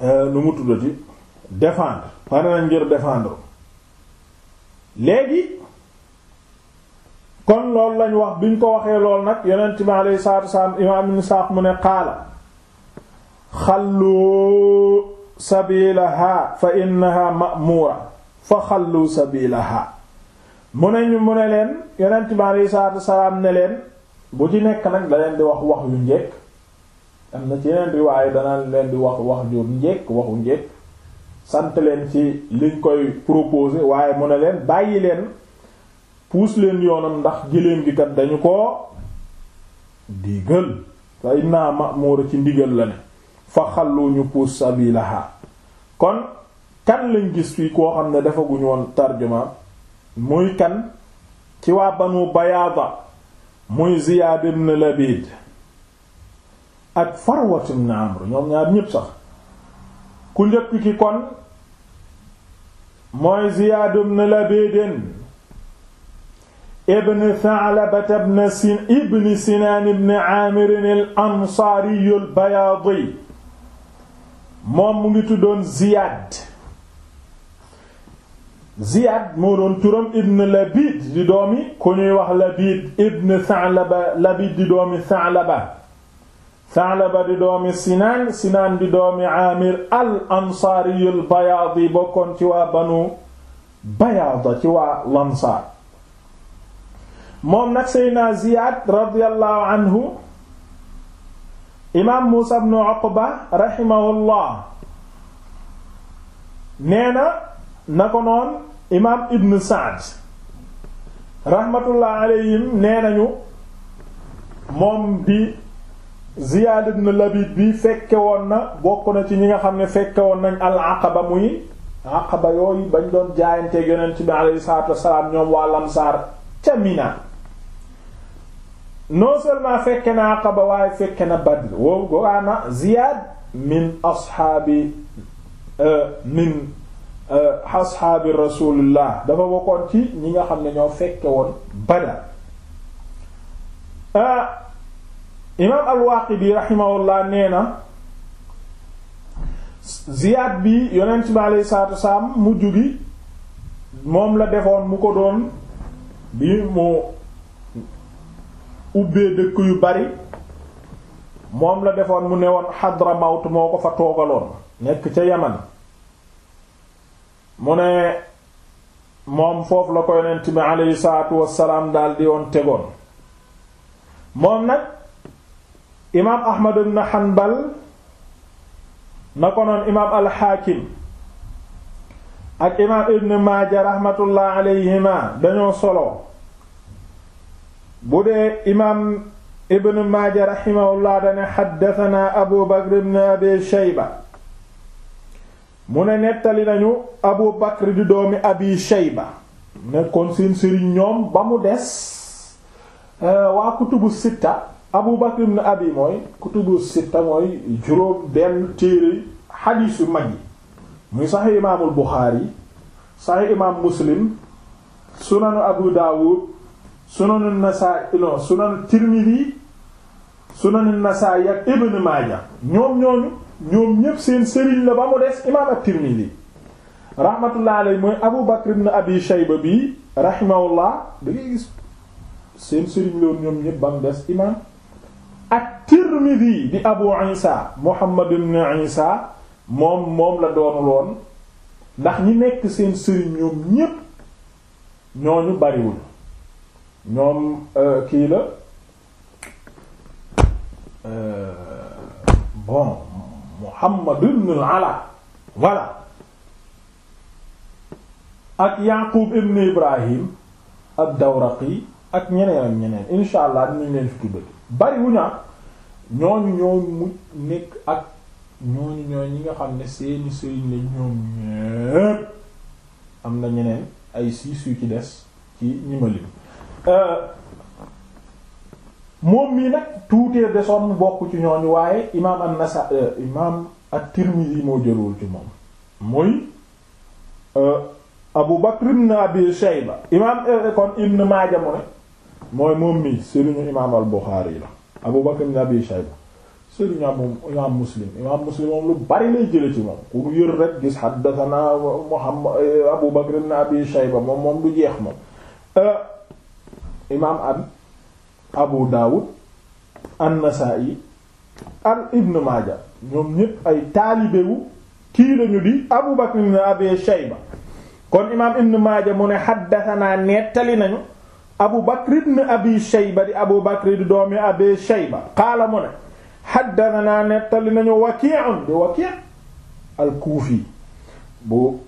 euh, nu mu tuddati défendre pare nañ ngir défendre léegi kon loolu lañu wax biñ ko waxee lool nag yonent bi alayhi salaatu wassalaam imaam ibn mu ne qaala xallu sabilaha fa innaha ma'mura fa xallu sabilaha mu ne ñu mu ne leen yonent bi aleyhi salaatu wasalaam ne leen bu ci nekk nag da di wax wax yu njëkk am na ci yeneen riwaaye danaan leen di wax wax ju njëkk waxu njëkk sant leen ci liñ koy proposer waaye mu ne leen bàyyi leen puus leen yoonam ndax gëléem gi kat dañu ko digal fa inna ma'mura ci ndigal la ne fa xallu ñu puus sabilaha kon kan lañ gis fii koo xam ne dafaguñu woon tarjuma muy kan ci waa banu bayaada muy ziyaad ibn labid ak farwat ibn amr ñoom ñaar ñépp sax ku njëkk ki kon mooy ziyaad ibn labidin ibn Tha'labata ibn ibn Sinaan ibn Aamir al al-Bayaadi moom mu ngi tuddoon Ziyaad Ziyad moo doon turam ibn Labid di doomi ku ñuy wax Labid ibn Sa'laba Labid di doomi Sa'laba Sa'laba di doomi Sinaan Sinaan di doomi Aamir al-Ansaari al-Bayaadi bokkoon ci waa Banu Bayaada ci waa Lansaar moom nag Seydina Ziyad radiyallahu anhu imaam Muusaa ibn Uqba rahimahullah nee na na ko noon imaam ibn Saad rahmatullah alayhim nee nañu moom bi Ziyaad ibn labit bi fekke woon na bokk na ci ñi nga xam ne fekke woon nañ al aqaba muy aqaba yooyu bañ doon jaayanteeg yonent bi alayhi salaatu wassalaam ñoom waa Lamsaar ca Mina non seulement fekke na aqaba waaye fekke na Badr woowu goraana Ziyaad min ashaabi euh, min Euh, ashaabi rasulillah dafa bokkoon ci ñi nga xam ne ñoo fekke woon Badar euh, imaam al-Waaqidi rahimahullah nee na ziyaat bi yonent bi alayhi salaatu wasalaam mujj gi moom la defoon mu ko doon bi mu ubbee dëkk yu bari moom la defoon mu ne newoon Hadramawt moo ko fa toogaloon nekk ca Yaman mu ne moom foofu la ko yonent bi aleyhi salaatu wassalaam daldi woon tegoon moom nag imaam ahmad ibn hanbal na ko noon imaam alxaakim ak imaam ibn maaja rahmatullah alayhima dañoo solo bu dee imaam ibn maaja rahimahullah dane xaddatanaa abu bakr ibn abi shayba mu ne nettali nañu abu bakr di doomi abi shayba nekkoon seen sëriñ ñoom ba mu des euh, waa kutubu sitta abu bakr ibn abi mooy kutubu sitta mooy juróom benn téere xadiis yu mag yi muy saxi imaamul buxaari saxi imaam muslim sunanu abu daawud sunanu nasa'i non sunanu tirmidi sunanu nasa'i ak ibn maaja ñoom ñooñu ñoom ñépp seen sëriñ la ba mu des imaam at-Tirmidhi rahmatullah alayhi mooy Abu Bakr ibn Abi Shayba bi rahimahullah da ngay gis seen sëriñ loolu ñoom ñépp ba mu des imaam at-Tirmidhi di Abu Isa Muhammad ibn Isa moom moom la doonuloon ndax ñi nekk seen sëriñ ñoom ñépp ñooñu bariwul ñoom euh, kii la euh, bon Muhammad ibn al-Ala voilà ak Yaqub ibn Ibrahim ad-Dawraqi ak ñeneen ak ñeneen insha allah dinañ leen fi tuddati bari ah. ñooñu ñoo mu nekk ak ñooñu ñooñu ñi nga xam ne seeni sëriñ lañ ñoom ñépp am na ñeneen ay siis yu ci des ci ñi moom mii nag tuutee desoon mu bokk ci ñooñu waaye imaam an-Nasa euh, imaam at-Tirmidhi moo jëlul ci moom muy euh, Abu Bakr ibn Abi Shayba imaam euh, kon Ibn Maaja mu ne mooy moom mii sëriñu imaam al-Bukhari la Abu Bakr ibn Abi Shayba sëriñu moom imaam Muslim imaam Muslim moom lu bari lay jële ci moom ku yër rek gis haddathana Muhammad Abu Bakr ibn Abi Shayba moom moom du jeex moom imaam an abu dawud an-nasa'i al ibn maaja ñoom ñépp ay taalibewu kii lañu di abu bakr ibn abi shayba kon imaam ibn maaja mu ne xaddatanaa nettali nañu abu bakr ibn abi shayba di abu bakr di doomi abi shayba qaala mu ne xaddatanaa nettali nañu waki'un di waki' al kuufi bu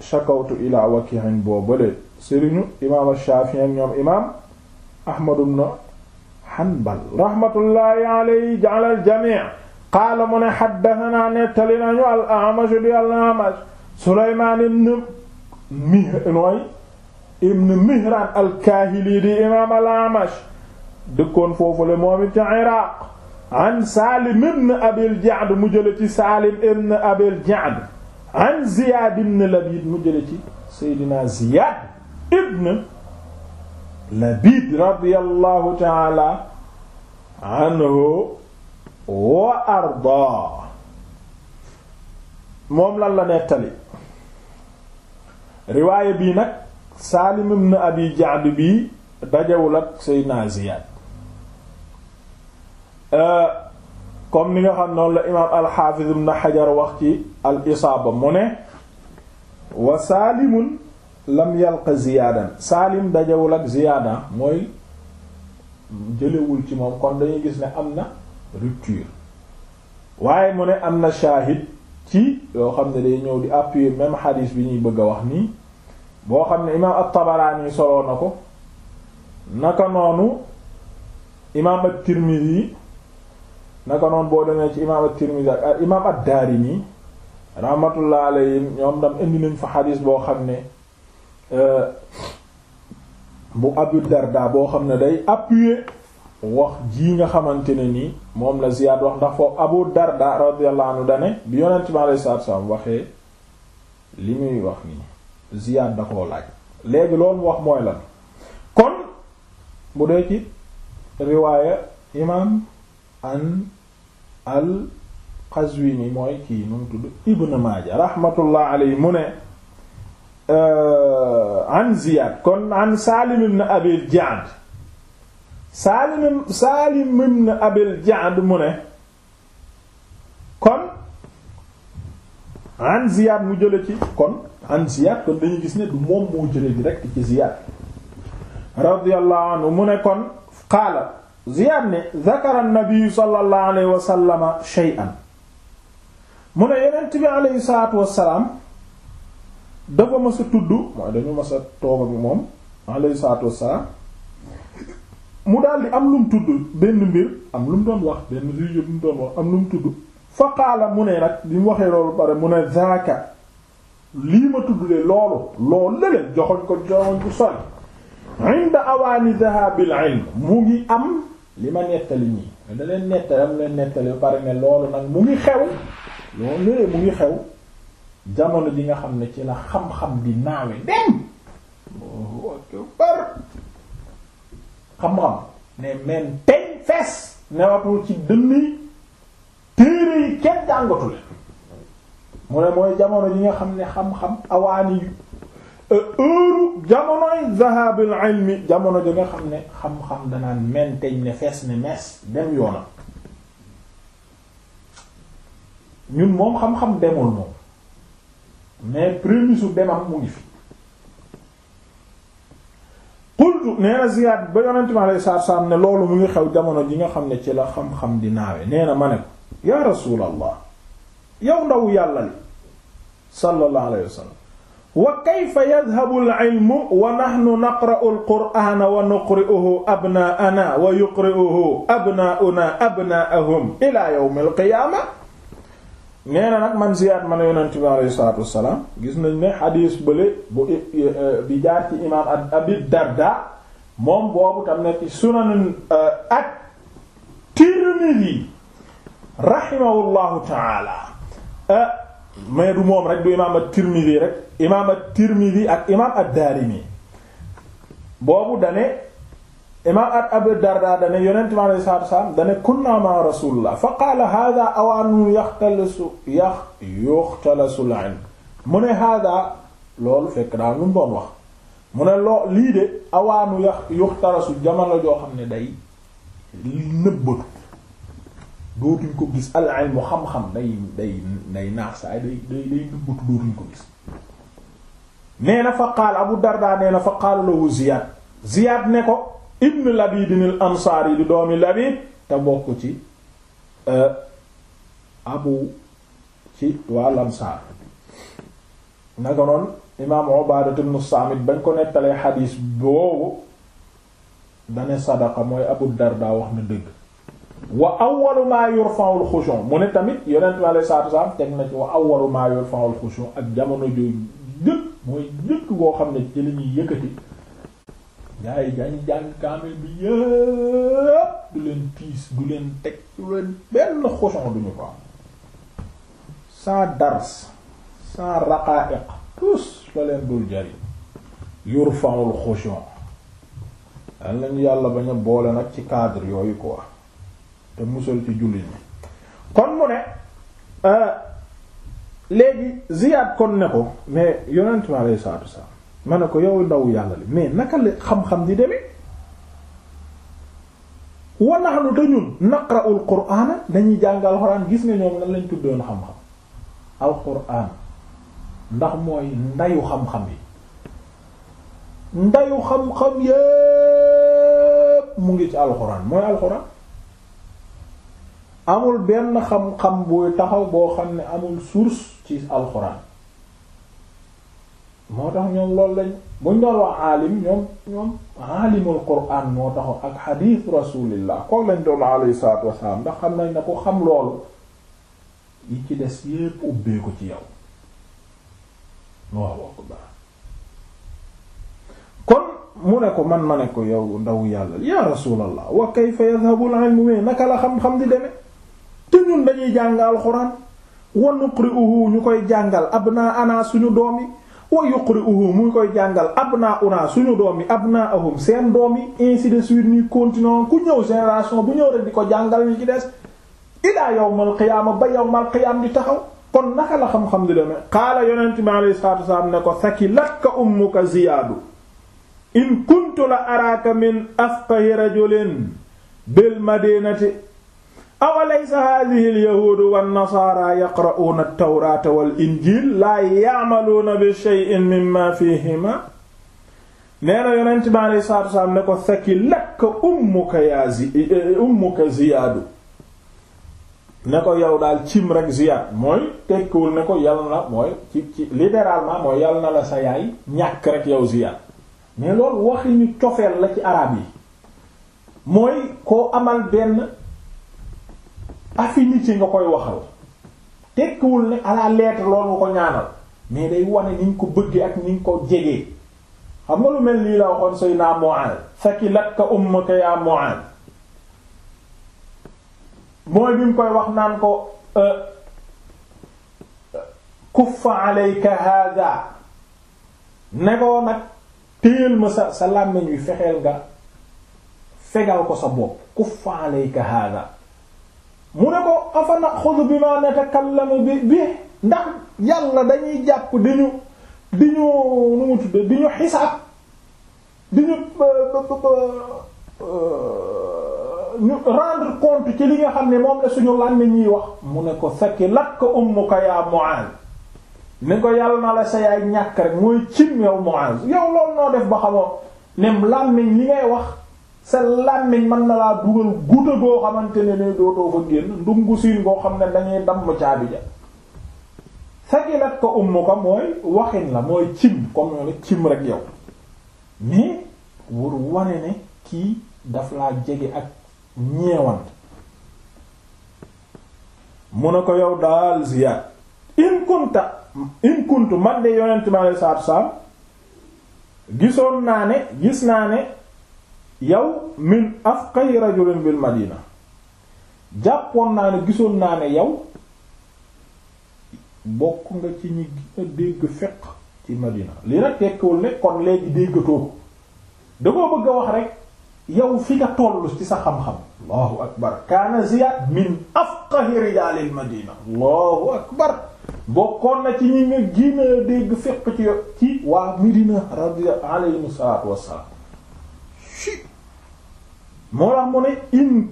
shakawtu ilaa waki'in boobale sëriñu imaam al shaafi'i ñoom imaam Ahmad ibn Hanbal rahmatullahi alayhi ja'ala al-jami' qaala mu ne haddathana nettali nañu al-A'mash bi al-A'mash Sulaymaan ibn Mihnooy ibn Mihraan al-Kaahili di imaam al-A'mash dëkkoon foofule moom it ca Iraaq an Saalim ibn Abil Ja'd mu jële ci Saalim ibn Abil Ja'd an Ziyaad ibn Labiid mu jële ci Seydina Ziyaad ibn Labiid radiyallahu taala anhu wa ardaa moom lan la nettali riwaaya bii nag Saalim ibn Abi Ja'd bii dajewul ak Seydina Ziyaad euh, comme ni nga xam noonu la imaam al-Haafiz ibn Hajar wax ci al-Isaaba mu ne wa Saalimun lam yalqa ziyaadan saalim dajewul ak ziyaadan mooy jëlewul ci moom kon dañuy gis ne am na rupture waaye mu ne am na shaahid ci yoo xam ne day ñëw di appuyer même hadith bi ñuy bëgg a wax nii boo xam ne imaam at-Tabaraani soloo na ko naka noonu imaam at-Tirmidhi naka noon boo demee ci imaam at-Tirmidhi ak imaam ad-Daarimi rahmatullah alayhim ñoom dam indi nañ fa hadith boo xam ne bu euh, Abu Darda boo xam ne day appuyer wax ji nga xamante ne nii moom la Ziyaad wax ndax foofu Abu Darda radiyallahu anhu dane bi yonent bi alayhi salaatu salaam waxee li muy wax nii Ziyaad da koo laaj léegi loolu wax mooy lan kon bu dee ci riwaaya imaam an al Qazwini mooy kii nu mu tudd Ibn Maaja rahmatullah alayhi mu ne an Ziyad kon an Salim ibn Abil Ja'd Salim Salim ibn Abil Ja'd mu ne kon an Ziyad mu jële ci kon an Ziyad kon dañuy gis ne du moom moo jële direct ci Ziyad radiyallahu anhu mu ne kon qaala Ziyad ne zakara an-nabi sallallahu alayhi wa sallama mu ne yonent bi alayhi salaatu wa dafa mas a tudd mooy dañu mas a toog ak moom alayhi salaatu wassalaam mu daldi am lum mu tudd benn mbir am lu mu doon wax benn sujet bu mu doon wax am lu mu tudd fa qaala mu ne nag bi mu waxee loolu pare mu ne zaaka lii ma tudd de loolu loolu la leen joxoñ ko joxoñ ko sori inda mu ngi am li ma nettali nii da leen nettali am leen nettali ba pare ne loolu nag mu ngi xew loolu mu ngi xew jamono ji nga xam ne ci la xam-xam di naawe dem bar xam-xam ne men tey fees newatul ci dënn yi téere yi kenn jàngatul mu ne mooy jamono ji nga xam ne xam-xam awaani e, heure jamonoy zahabil ilmi jamono ji nga xam ne xam-xam danaan men teñ ne fees ne mees dem yoonam ñun moom xam-xam demul moom mais prémisse u demam mu ngi fi qultu nee na Ziyaad ba yonente mi alayhi salaatu salaam ne loolu mu ngi xew jamono ji nga xam ne ci la xam-xam di naawe nee na ma ne ko yaa rasuulallah yow ndaw yàlla li sallallahu alayhi wa sallam wa kayfa yadhabu al-ilmu wa nahnu naqra'u al-qur'aana wa nuqri'uhu abnaa'anaa wa yuqri'uhu abnaa'unaa abnaa'ahum ilaa yawmi al-qiyaamah nee na nag man ziyaat man yonent bi alayhi salaatu wassalaam gis nañ ne xadiis bële bu eh, eh, bi jaar ci imaam Abi Darda moom boobu tam ne ci sunan eh, ak Tirmidhi rahimahullahu taala mais du moom rek du imaam at-Tirmidhi rek imaam at ak imaam ad-Daarimi boobu dane imaam at Abu Darda dane yonent ma alayhi salaatu salaam kunna ma rasulullah fa qaala haadaa awaanu yaxtalasu yax yuxtalasu al mu ne haadaa loolu fekk daal lu doon wax mu ne loo lii de awaanu yax yuxtalasu jamono joo xam ne day nëbbatu dootuñ ko gis al-'ilm xam-xam day day naax saay day day nëbbatu dootuñ ko gis nee fa qaala Abu Darda nee fa qaala lahu Ziyaad Ziyaad ne ko ibn Labidin al Ansaari di doomi Labid te bokk ci e, abu ci waa Ansaar naka noonu imaam Ubaadatu ibn Saamit bañ ko nettalee xadiis boobu dane sadaqa mooy Abu Darda wax na dëgg wa awwalu maa yurfa'u al-khushu' mu ne tamit yonent bi alayhi salaatu wa salaam teg ci wa awwalu maa yurfa'u al-khushu' ak jamono jooju jëkk mooy jëkk boo xam ne ci li yëkkati gaa yi dañ jàng kaamil bi yëpp du leen tiis du leen teg du leen benn xoson duñu ko am sans dars sans raqaa'iq tous la leen dul jariñ yurfa'ul xoson dal nañu yàlla bañ a boole nag ci cadre yooyu quoi te musal ci jullit ñi kon mu ne euh, léegi Ziyad kon ne ko mais yonentu mi alayhi salaatu wa ma ne ko yow ndaw yàlla li mais naka la xam-xam di demee wa nahnu te ñun naqra'ul qur'ana dañuy jàng alxuraan gis nga ñoom lan lañ tuddoon xam-xam alxuraan ndax mooy ndayu xam-xam yi ndayu xam-xam yépp mu ngi ci alxuraan mooy alxuraan amul benn xam-xam buy taxaw boo xam ne amul source ci alxuraan moo tax ñoom lool lañ buñ doon wax aalim ñoom ñoom aalimul quraan moo tax ak xadiis rasulillah kook lañ doon alayhi salaatu wasalaam ndax xam nañ ne ku xam loolu yi ci des yépp ubbee ci yaw waaw wak ba kon mu ne ko man ma ne ko yow ndaw yàlla ya rasulallah wa kayfa yadhabu al-ilmu mais naka la xam-xam di demee te ñun dañuy jàngal alxuraan wa nuqri'uhu ñu koy jàngal abna ana suñu doom yi wa yuqri'uhu mu koy jàngal abnaa unaa suñu doom yi abnaahum seen doom yi ainsi de suite ñuy continuer ku ñëw génération bu ñëw rek di ko jàngal ñi ci des ilaa yawmal qiyaama ba yawmal qiyaam di taxaw kon naka la xam-xam di demee qaala yonent bi alayhi salaatu wasalaam ne ko sakilatka ummuka ziyaadu in kuntu la araaka min afqahi rajulin bil madinati awalaysa haadihi alyahuudu wannasaara yaqra'uuna altawraata wal injiil laa ya'maluuna bi shay'in mimma fiihima nee na yonent bi alayhi salaatu wa ne ko sakilatka ummuka yaa zi eh, ummuka ziyaadu ne ko yow daal cim rek ziyaad mooy tekkiwul ne ko yal mooy ci ci littéralement mooy yal la sa yaay ñàkk rek yow ziyaad yi mooy koo amal benn affinité nga koy waxal tekkiwul ne à la lettre nga ko ñaanal mais day wane ni ko bëggee ak niñ ko jegee xam nga lu mel nii la waxoon say naa Mu'aaz sakilatka ummuka yaa Mu'aaz mooy bi koy wax naan ko euh, kuffa alayka hada ne ko nag téyel ma sa sa làmmiñ wi fexeel nga fegal ko sa bopp kuffa alayka hada mu ne ko afa naxudu bi ma natakallamu bi bi ndax yàlla dañuy jàpp di ñu di ñu nu mu tudde di ñu xisaab di ñu euh, euh, euh, ñu rendre compte ci li nga xam ne moom la suñu làmmiñ ñuy wax mu ne ko sakki lakk ummuka yaa Mu'aaz ni ko yàlla na la sa yaay ñàkk rek mooy cim yow Mu'aaz yow loolu noo def ba xamoo nem làmmiñ li ngay wax sa làmmiñ mën na laa dugal guta goo xamante ne ne dootoo ko génn ndungu siin goo xam ne dañuy damm caabi ja sakilat ko ummu ko mooy waxin la mooy cim comme ñoo ne cim rek yow ak ñeewant mun na ko yow daal ziyaat in kunta man de yonent ma lay saab gisoon naa ne gis naa ne yow min afqay rajulin bil madina jàppoon naa ne gisoon naa ne yow bokk nga ci ñi gën a dégg fiqh ci madina li nag tekkiwul ne léegi déggatoo da bëgg a wax rek yow fi nga tollu ci sa xam-xam allahu akbar kaana ziyad min afqahi rijaalil madina allahu akbar bokkoon na ci ñi nga gën a dégg fiqh ci ci waa madina radi alayhi salaatu wassalaam moo tax mu ne in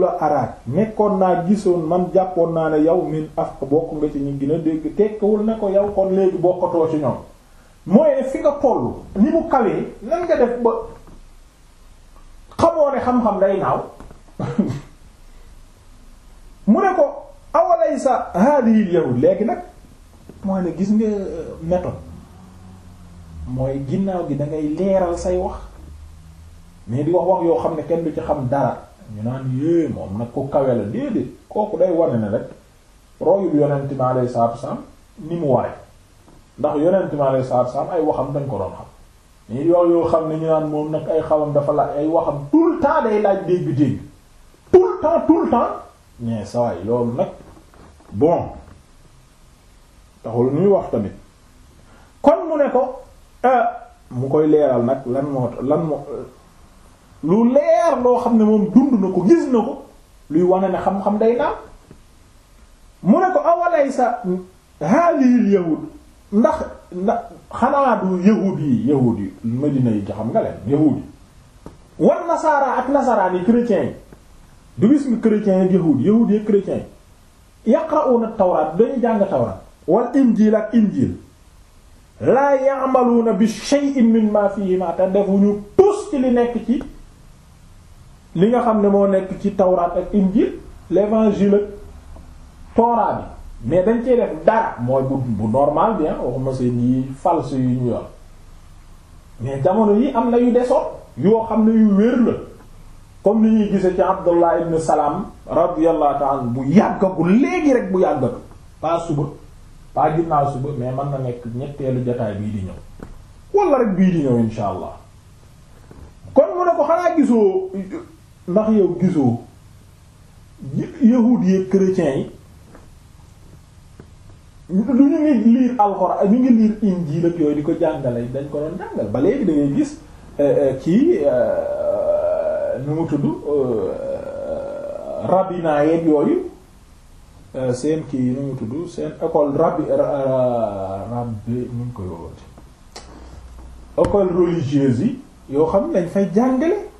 la araak nekkoon naa gisoon man jàppoon naa ne yow min af bokk nga ci ñu gën a dégg tekkiwul ne ko yow kon léegi bokkatoo ci ñoom mooy fi nga tollu ni mu kawee nan nga def ba xamoo ne xam-xam day naaw mu ne ko awalaysa haadihi yow léegi nag mooy ne gis nga euh, méthode mooy ginnaaw gi dangay ngay leeral say wax mais di wax wax yoo xam ne kenn du ci xam dara ñu naan yée moom nag ku kawe la déedéet kooku day wane ne rek royul yonent mi alayhi salaatu ni mu ware ndax yonent mi alayhi salaatu ay waxam dañ ko doon xam mais yow yoo xam ne ñu naan moom nag ay xawam dafa la ay waxam tout le temps day laaj dégg-dégg tout le temps tout le temps mais saa yi loolu nag bon taxul ñuy wax tamit kon mu ne ko euh, mu koy leeral nag lan moo lan moo lu leer loo xam ne moom dund na ko gis na ko luy wane ne xam-xam day naan mu ne ko awalaysa haalihil yahud ndax ndax xanaa du yahud yi yahud yi Medina yi xam nga leen yahud yi wan nasaara ak nasaraan yi chrétiens yi du gis nga chrétiens yi yahud yahud yi chrétiens yi yaqra'una tawraat dañu jàng tawraat wal injiil ak injiil laa ya'maluuna bi shay'in mimmaa fiihimaa te defuñu tus ci li nekk ci li nga xam ne moo nekk ci tawraat ak injil l'évangile ak tooraa bi mais dañ cee def dara mooy bu bu normal bien ah, waxuma seen yi false yu ñu yor mais jamono yi am na yu desoon yoo xam ne yu wér la comme ni ñuy gise ci Abdullah ibn Salam radiyallahu ta'ala bu yàggagul léegi rek bu yàggagul pas suba pas ginnaaw suba mais mën na nekk ñetteelu jotaay bii di ñëw wala rek bii di ñëw insha allah kon mu ne ko xanaa gisoo ndax yow gisoo yahuud yi chrétiens yi lu ñu ngi liir alxuraan ñu ngi liir injiil ak yooyu di ko jàngale dañ ko doon jàngal ba léegi da ngay gis eh, eh, kii eh, nu mu tudd rabbinaa yeeg yooyu seen kii nu mu tudd seen école rabbi rabbi nu mu koy woote école religieuse yi yoo xam ne dañ fay jàngale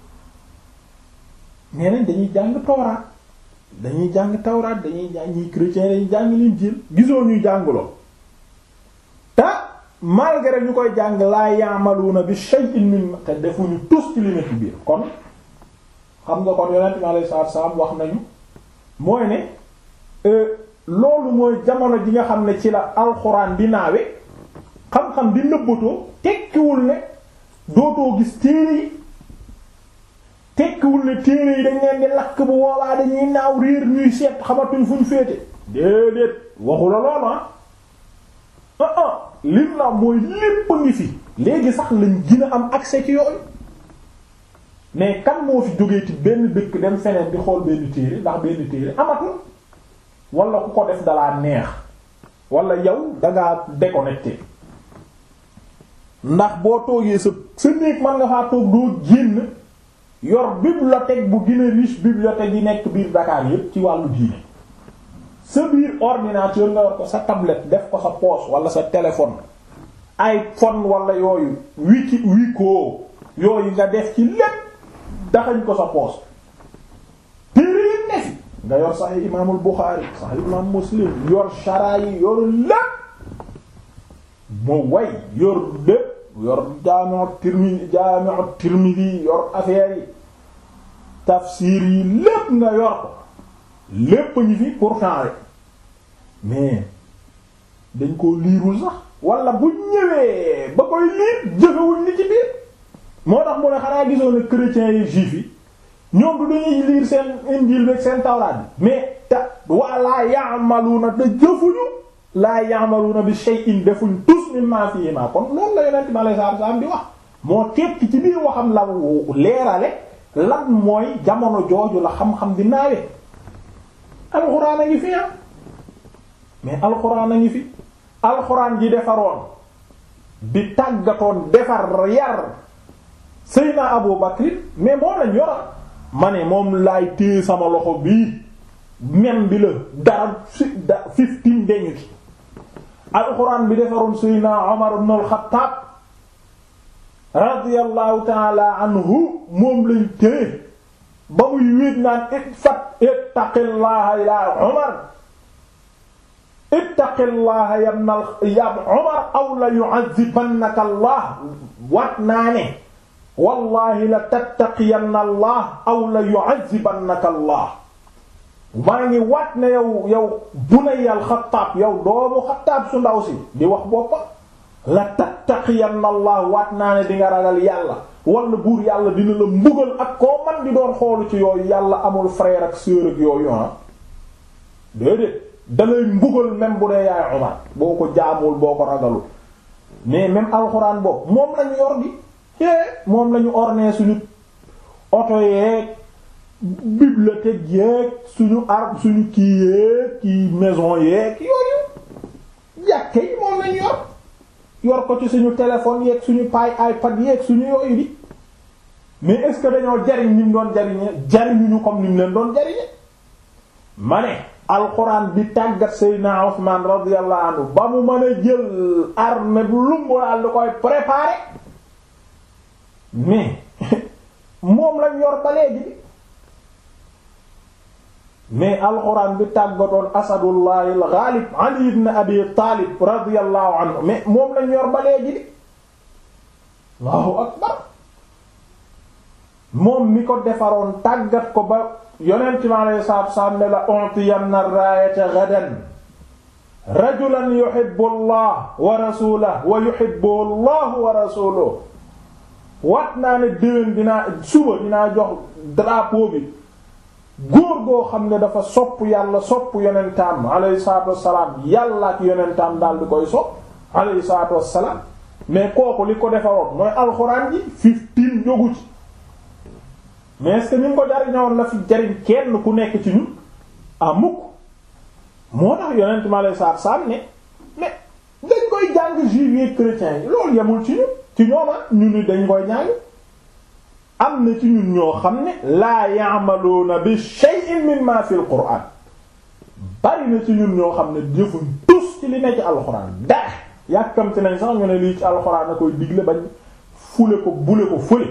nee dañuy jàng tawraat dañuy jàng tawraat dañuy jàng ñuy chrétien dañuy jàng gisoo ñuy jànguloo te malgré ñu koy jàng laa ya'maluuna bi shay'in min ma defuñu tus ci li nekk biir kon xam nga kon yonent mi alayhi salaam wax nañu mooy ne euh, loolu mooy jamono ji nga xam ne ci la alxuraan di naawe xam-xam di nëbbatoo tekkiwul ne dootoo gis téere tekkiwul na téere yi dañ leen di lakk bu boobaa dañuy naaw réer ñuy seet xamatuñ fuñ féete déedéet waxu la loolu ah ah, ah lim la mooy lépp ngi fi léegi sax lañ gën a am accès ci yooyu mais kan moo fi jógee ci benn dëkk dem feneen di xool benn téere ndax benn téere amatul wala ku ko def dalaa neex walla yow dangaa déconnecté ndax boo toogee sa sa néeg man nga faa toog doo génn yor bibliothèque bu gën a riche bibliothèque yi nekk biir Dakar yépp ci wàllu diine sa biir ordinateur nga war ko sa tablette def ko sa poche wala sa téléphone iPhone walla yooyu wiki wiko yooyu nga def ci lépp daxañ ko sa poche téere yi ne fi nga yor Sahih Imaamul Bukhari Sahih Imaam Muslim yor Shara yi yor mu way yor lépp yor jaamiu Tirmidi jaamiu Tirmidi yor affaire yi tafsir yi lépp nga yor ko lépp ñu fi pourtant rek mais dañ koo liirul sax wala bu ñëwee ba koy liir jëfewuñ ni ci biir moo tax mu ne xanaa gisoo ne chrétiens yi juifs yi ñoom du dañuy liir seen injil ak seen tawraat mais te walaa yaamalu na te jëfuñu laa ya'maluna bi shay'in defuñ tus mimma fiimaa kon loolu la yonent bi alayhi salaatu wasallam di wax moo tekki ci biir waxam la leerale lan mooy jamono jooju la xam-xam di naawe alxuraan a fi ah. alxuraan a ngi fi alxuraan ji defaroon di tàggatoon defar yar Seydina Abu Bakr mais moo lañ yoroon ma ne moom laay téye sama loxo bii même bi la dara fi fifteen deñu ci alxuraan bi defaroon Seydina Omar ibn al-Khattab radiyallahu taala anhu moom lañ téye ba muy wéet naan itfat ittaqillaha yaa Omar ittaqillaha ya Omar aw la yu'adhibannaka Allah wat naa ne wallahi la tattaqiyanna Allah aw la yu'adhibannaka Allah maa ngi waat ne yow yow bunayal xataab yow doomu xataab su ndaw si di wax boppa la tattaqiyanna allah waat naa ne di nga ragal yàlla wala buur yàlla dina la mbugal ak koo man di doon xoolu ci yooyu yàlla amul frère ak sœur ak yooyu ah déedéet dalay mbugal même bu dee yaay Umar boo ko jaamul boo ko ragalu mais même alxuraan boobu moom lañu yor gi é moom lañu ornee suñu oto yeeg bibliothèque yeeg suñu arbre suñu kii yeeg kii maison yeeg yooyu jàkke yi moom nañ yor yor ko ci suñu téléphone yeeg suñu paay iPad yeeg suñu yooyu di mais est-ce que dañoo jariñ ni doon jariñe jariñuñu comme ni mu leen doon jariñe ma ne alxuraan bi tàggat Seydina Usmaan radiyallahu anhu ba mu mën a jël arme bu lumbaal lu koy préparer mais moom lañu yor ba léegi mais alxuraan bi tàggatoon asadullahi alxaalib ali ibn abi taalib radiyallahu anhu mais moom lañ yor ba léegi di allahu akbar moom mi ko defaroon tàggat ko ba yonent mi alayhi salaatu wasalaam ne la ontiyanna raayata gadan rajulan yuhibbu allah wa rasulahu wa yuhibbuhu allah wa rasuluhu waat naa ne déwén dinaa suba dinaa jox drapeau bi góor goo xam ne dafa sopp yàlla sopp yonentam alayhi salaatu wassalaam yàlla ak yonentam daal di koy sopp alayhi salaatu wassalaam mais kooku li ko defaroon mooy alxuraan ji fifteen jógu ci mais est-ce que ni nga ko jariñoon la fi jariñ kenn ku nekk ci ñun amuk ah, moo tax yonent mi alayhi salaatu wassalaam ne mais dañ koy jàng juif chrétien yi loolu yemul ci ñun ci ñooma ah, ñu ni dañ koy jàng am na ci ñun ñoo xam ne laa ya'maluuna bi shay'in mimma fil qur'aan bari na ci ñun ñoo xam ne jëfuñ tus ci li ne ci alxuraan dara yàkkamti nañ sax ñu ne lii ci alxuraan na koy digle bañ fule ko bule ko fule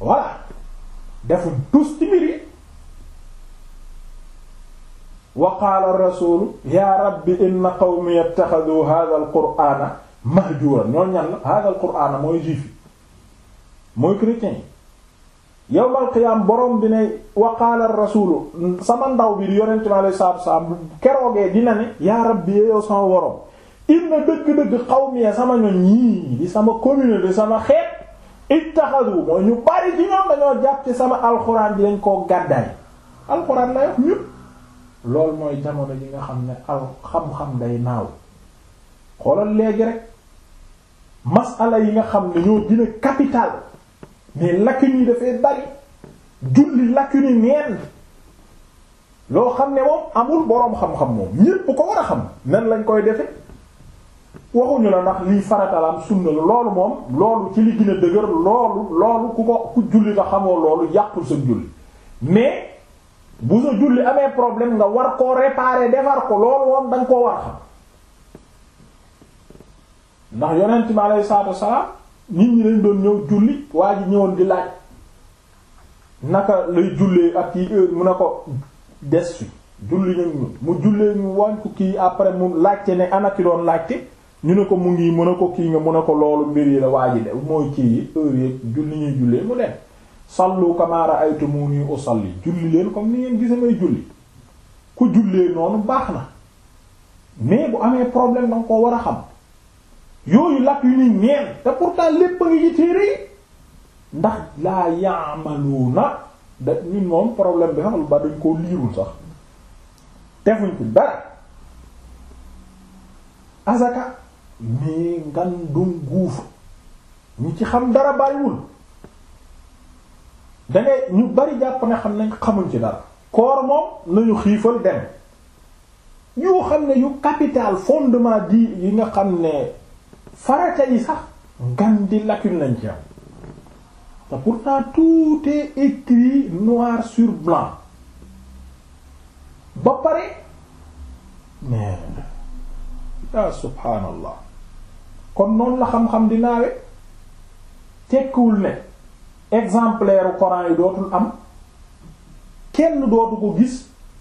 voilà defuñ tus ci mbir yi wa qaala rasuulu yaa rabbi inna qawmi ittaxaduu haadha al qur'aana ñoo ñan la haadha al qur'aana mooy mooy chrétien yi yowmal qiyaam borom bi ne wa qaala sama ndaw bi di yonente mi alei salatu wasalaam keroogee dina ne yaa rabbi yow sama borom inna dëgg-dëgg qawmiya sama ñoñ ñii di sama communauté sama xeet ittaxadu mooy ñu bari ci dañoo jàpp ci sama alxuraan bi dañ koo gàddaay alxuraan lay wax ñëpp loolu mooy jamono ji nga xam ne al xam-xam day naaw xoolal léegi rek masala yi nga xam ne ñoo gën capital mais lacune yi dafay bari julli lacune yi neen loo xam ne moom amul boroom xam-xam moom ñépp ko war a xam nen lañ koy defe waxuñu la ndax lii faratalaam sunna la loolu moom loolu ci li gën dëgër loolu loolu ku ko ku julli nga xamoo loolu yàqul sa julli mais bu sa julli amee problème nga war koo réparer defar ko loolu moom dañ koo war xam ndax yonent mi alayhi salaatu salaam nit ñi dañ doon ñëw julli waa ji ñëwoon di laaj naka lay jullee ak yi heure mu ne ko des fi julli ñu ñu mu jullee ñu wañ ko kii après mu laajte ne ana ki doon laajte ñu ne ko mu ngi mu ne ko kii nga mu ne ko loolu mbir yi la waa ji de mooy kii yi heure yi julli ñuy jullee mu ay sallu kama ra'aytumuni usalli julli leen comme ni ngeen gise may julli ku jullee noonu baax na mais bu amee problème danga ko war a xam yooyu làkk yu ñuy neen te pourtant lépp a ngi ci téere ndax laa yaamaluuna da ñun moom problème bi xamal ba dañ koo liirul sax defuñ ko dara azaka mais ngan dum guuf ci xam dara bàyyiwul dangay ñu bari jàpp ne xam nañ xamuñ ci dara koor moom nañu xiifal dem yoo xam ne yu capital fondement di yi nga xam ne farata yi sax gan di lacune lañ ci am te pourtant tout est écrit noir sur blanc ba pare mais ya ah, subhaanallah kon noonu la xam-xam di naawe tekkiwul ne exemplaire u Coran dootul am kenn dootu ko gis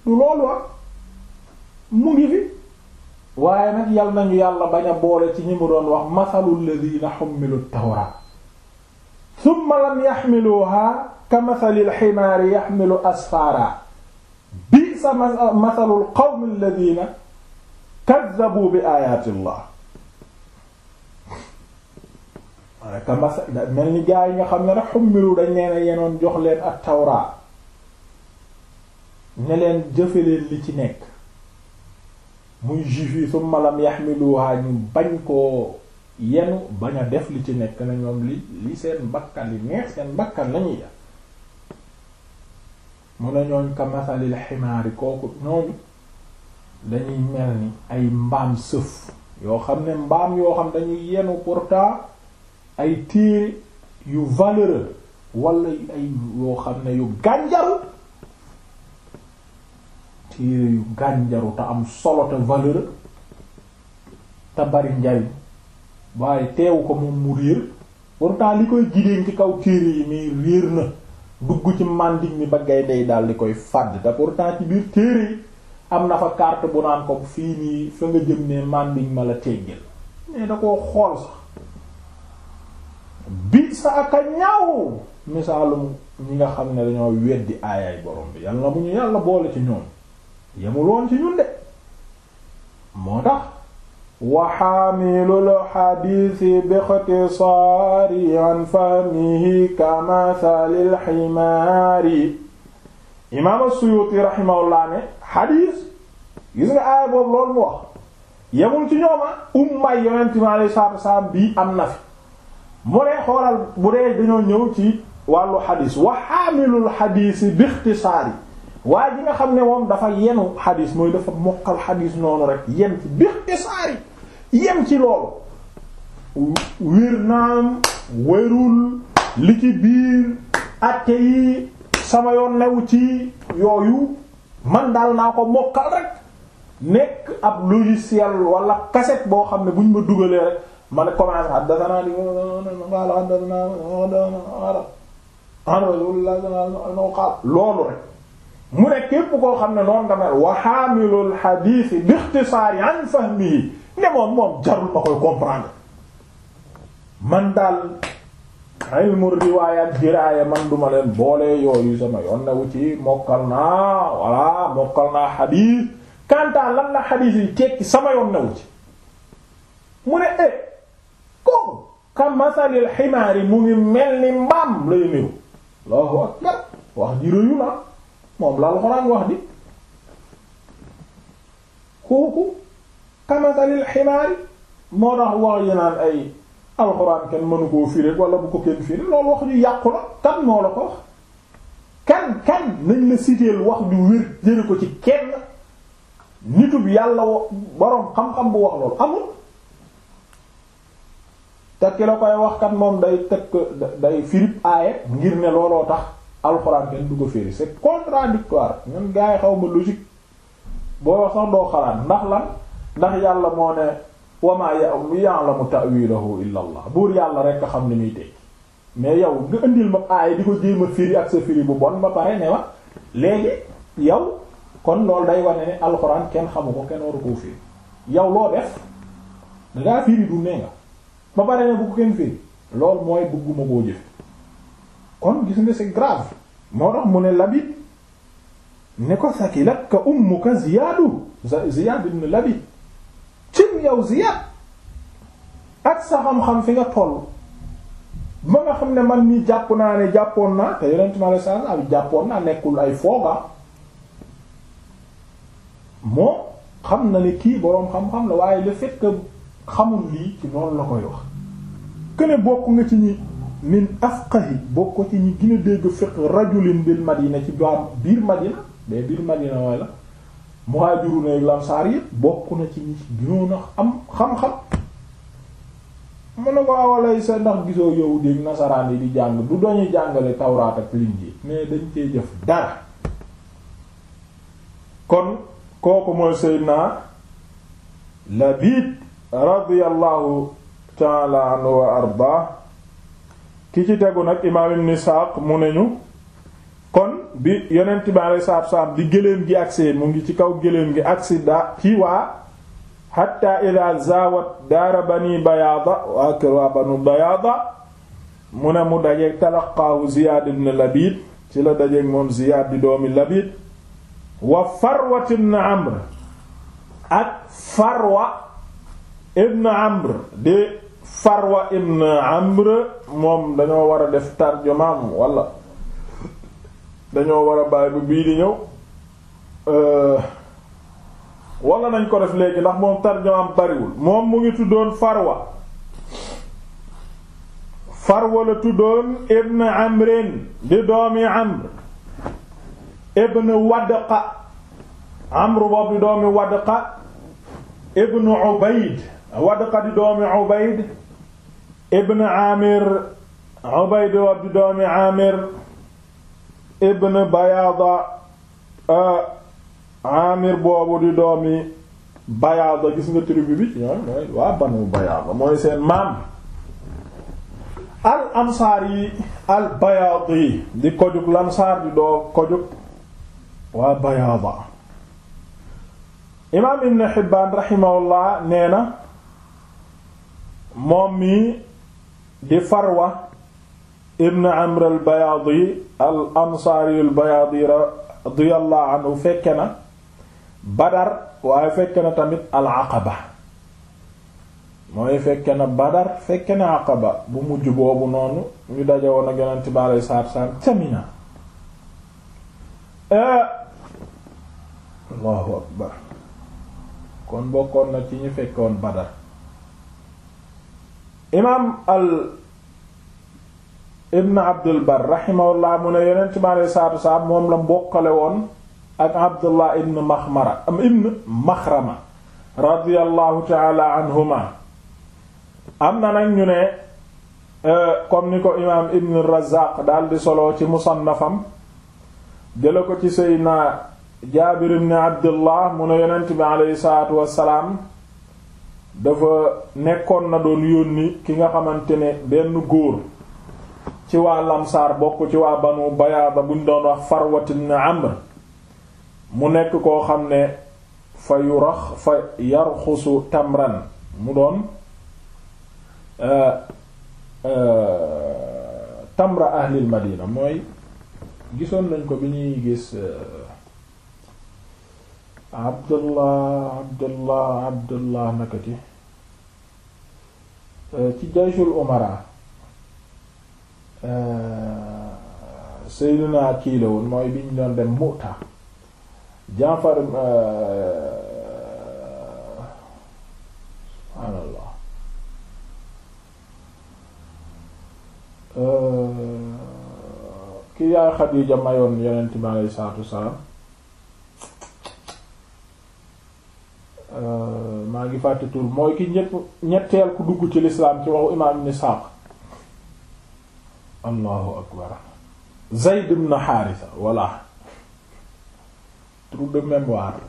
du loolu wax ah. mu ngi fi waaye nag yal nañu yàlla bañ a boole ci ñi mu doon wax masalul ladina xummilu tawraat summa lam yaxmiluha ka masalil ximaari yaxmilu asfaara bi sa masalul qawmi alladina kaddabu bi ayati llah waaye ka masal mel ni gaa yi nga xam ne rek xummilu dañ leen a yenoon jox leen ak tawraat ne leen jëfe leen li ci nekk muy juif yi summa lam yaxmiluha ñu bañ koo yenu bañ a def li ci nekk na ñoom li li seen bakkan li neex seen bakkan lañuy def mu ne ñooñ ka ximaari kooku ñoom dañuy mel ni ay mbaam sëf yoo xam ne mbaam yoo xam dañuy yenu pourtant ay téere yu valeureux wala ay yoo xam ne yu gànjal téere yu gànjaru te am solo te valeur te bari njariñ waaye teewu ko moom mu réer pourtant li koy jigéen ci kaw téere yi muy réer na dugg ci màndik mi ba gaynde yi daal di koy fàdd te pourtant ci biir téere yi am na fa carte bu naan ko fii nii fa nga jëm ne màndik ma la teggeel mais da koo xool sax bi sa ak a misaalum ñi nga xam ne dañoo weddi aayaay borom bi yàlla bu ñu yàlla boole ci ñoom yemul woon ci ñun de moo tax waxaamilul xadiisi bi ixtisaari an fahmihi kamasalil ximaari imaam as-Suyuuti raximahullah ne xadiis gis nga aaya boobu loolu mu yemul ci ñooma ah. ummaay yonent mi alayhi salaatu wasalaam bii am na fi mu ne xoolal bu dee dañoo ñëw ci wàllu xadiis waxaamilul xadiisi bi ixtisaari waaye ji nga xam ne moom dafa yenu xadis mooy dafa mokkal xadis noonu rek yem ci biir tisaari yem ci loolu wiir naam wérul li ci biir atte yi sama yoon new ci yooyu man daal naa ko mokkal rek nekk ab wala cassette boo xam ne bu ma dugalee ma ne commencé loolu rek mu ne képp koo xam ne noonu nga mel wa xaamilul xadiisi bi ixtisaari an fahmihi ne moom moom jarul ma koy comprendre man daal ilmu riwaaya ak diraaya man duma leen boole yooyu sama yoon na wu ci mokkal naa walla mokkal naa xadiis lan la xadiis yi tekki sama yoon na wu ci mu ne e kooku ka masalil ximaari mu ngi mel ni mbaam lay néew Allahu akbar wax ji rëyu na moom la alxuraan wax di kooku kamatalil ximaari moo tax wax yi naan ay alxuraan kenn mënu koo firi wala bu ko kenn firi loolu wax ju yàqu la kan moo la ko wax kan kan nañ la siteel wax ju wér jële ko ci kenn nitub yàlla wo boroom xam-xam bu wax loolu amul te la koy wax kat moom day teg day firib aaye ngir ne looloo tax alxuraan kenn du ko firi c'est contradictoire ñun gars yi xaw ma logique boo wax sax ndax la ndax yàlla moo ne wama ya'lamu ta'wilahu illa allah buur yàlla rek xam ni muy teg mais yow nga indil ma aaya di ko jéem a firi ak sa firi bu bon ba pare ne ma léegi yow kon loolu day wane ne alxuraan kenn xamu ko kenn waru koo firi yow loo def dangaa firi du nga ba pare ne bu kenn firi loolu mooy bëgguma koo jëfe kon gis nga c'est grave moo tax mu ne Labid ne ko sakilat ka ummuka Ziyaadu Ziyaad ibn Labid cim yow Ziyaad ak sa xam-xam fi nga toll ba nga xam ne man mii jàpp naa ne jàppoon naa te yonent mi alayhi salaam abi jàppoon naa nekkul ay fooga moom xam na ne kii boroom xam-xam la waaye le fait que xamul lii ci noonu la koy wax que bokk nga ci ñi min afqahi bokk ci ñi gën a dégg fiqh rajulin bil madina ci ba biir madina mais biir madina mooy la muhajiruna ak lamsaar yi bokk na ci ñi gënoon a am xam-xam mun na ko awalay sa ndax gisoo yow dégg nasaraan yi di jàng du doñu jàngale tawraat ak linjiil mais dañ cee jëf dara kon kooku mooy seydna Labiid radiyallahu ta'ala anhu wa ardaa ki ci tegu nag imaam ibn Isaaq mu ne ñu kon bi yonent bi alayhi salaatu salaam di gëléem gi agsi mu ngi ci kaw gëléem gi agsi daa ci hatta ila zawat daara bani bayaada waa kër waa banu bayaada mu ne mu dajeeg talaqaahu Ziyaad ibn Labiid ci la dajeeg moom Ziyaad di doomi Labiid wa Farwat ibn Amr ak Farwa ibn Amr de Farwa ibn Amr moom dañoo war a def tarjumaam walla dañoo war a bàyyi bu bii di ñëw euh, walla nañ ko def léegi ndax moom tarjumaam bariwul moom mu ngi tuddoon Farwa Farwa la tuddoon ibn Amrin di doomi Amr ibn Wadqa Amr boobu di doomi Wadqa ibn Ubayd Wadqa di doomi Ubayd ibn Amir Ubayd wa di Amir boobu di doomi Bayaada gis nga tribu bi ñoom mooy waa Banu Bayaada mooy seen maam al ansaar al Bayaadi di kojug lansaar di doo kojug waa Bayaada imaam Ibn Hibbaan rahimahullah nee na moom mi di farwa ibn amr al bayaadi al ansaari al bayaadi radiyallahu anhu fekke na badar waaye fekke na tamit al aqaba mooy fekke na badar fekke na aqaba bu mujj boobu noonu ñu daje woon a yonent bi aleyhi salaatu ca Mina eh, allahu akbar kon bokkoon na ci ñu fekkoon badar imaam al ibn abdul bar raximahullah mu ne yonent bi moom la mbokkale woon ak abdullah ibn maxmara ibn maxrama radiallahu taala anhuma am na nag ñu ne euh, comme ni ko imaam ibn razaq daal di solo ci musannafam jëla ko ci seydna jaabir ibn abdullah mu ne yonent bi aleyhi salaatu wasalaam dafa nekkoon na doon yónni ki nga xamante ne benn góor ci waa lamsaar bokk ci waa banu bayaada buñ doon wax farwatin amr mu nekk koo xam ne fa yurax fa yarxusu tamran mu doon euh, euh, tamra ahlil madina mooy gisoon nañ ko bi ñuy gis euh, abdullah abdullah abdullah nakati euh, ci jayshul umara euh, seydina kii la woon mooy bi ñu doon dem Mu'ta Jaafar euh, subhaanallah ki yaay Xadiija mayoon yonent bi alayhi salaatu salaam maa ngi fàtte tur mooy ki ñett ñetteel ku dugg ci lislaam ci waxu imaam ibn Isxaaq allahu akbar Zayd ibn Haarisa voilà trou de mémoire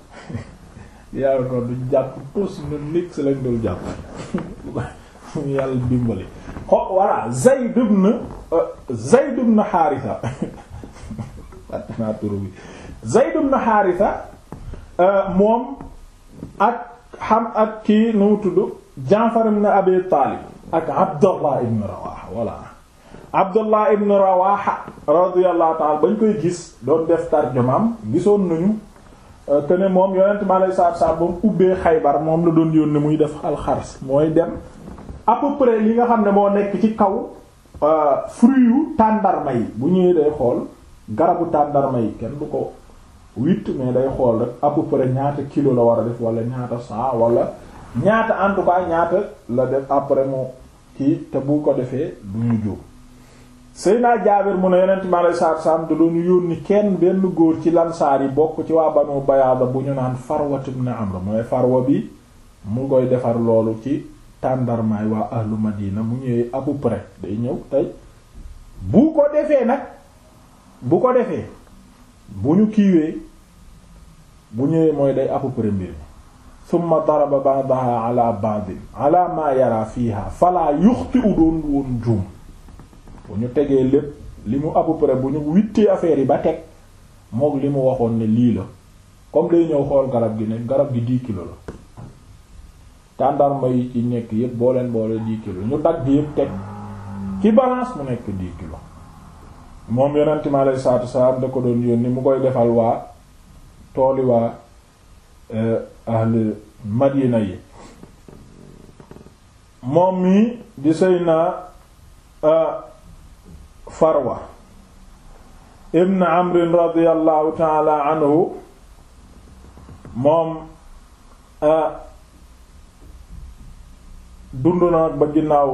yàlla noonu jàpp tous ñun nit si lañ dul jàpp yàlla dimbali xo voilà Zayd ibn euh, Zayd ibn Haarisa fàtte naa tur bi Zayd ibn Haarisa euh, moom ak xam ak kii nu tudd Jaafar ibn Abi Taalib ak Abdallah ibn Rawaha voilà Abdallah ibn Rawaha radiyallahu ta'ala bañ koy gis doon def tarjumaam gisoon nañu te euh, ne moom yonent ma lay saab saab ubbee Xaybar moom la doon yónnee muy def alxars mooy dem à peu li nga xam ne moo nekk ci kaw euh, fruit yu tàndarma yi bu ñuy day xool garabu tàndarma yi kenn du ko huit mais day xool rek à peu ñaata kilo la war a def wala ñaata cent wala ñaata en ñaata la def après mu kii te bu ko defee du ñu jóg Seydina Jaabir mu ne yonent mi alayhi salaatu salaam da doon yónni kenn benn góor ci lansaar yi bokk ci waa Banu Bayaada bu ñu naan Farwa ibn Amr mooy Farwa bi mu koy defar loolu ci tàndarmaay waa ahlu Madina mu ñëwee à peu day ñëw tey bu ko defee nag bu ko defee bu ñu kiiwee bu ñëwee mooy day à peu près mbir mi summa daraba ba'daha ala ba'din ala ma yara fiha fala yuxti u doon woon juum bu ñu tegee lépp li mu à peu près bu ñu wittee affaire yi ba teg moog li mu waxoon ne lii la comme day ñëw xool garab gi ne garab gi 10 kilos la tàndarma yi ci nekk yépp boo leen boole 10 kilos ñu dagg yépp teg ci balance mu nekk 10 kilos moom yonent mi alayhi salaatu salaam da ko doon yónni mu koy defal waa tooli waa eh, ahli madina yi moom mi di na eh, Farwa ibn Amr radiyallahu taala anhu moom eh, dund na ba ginnaaw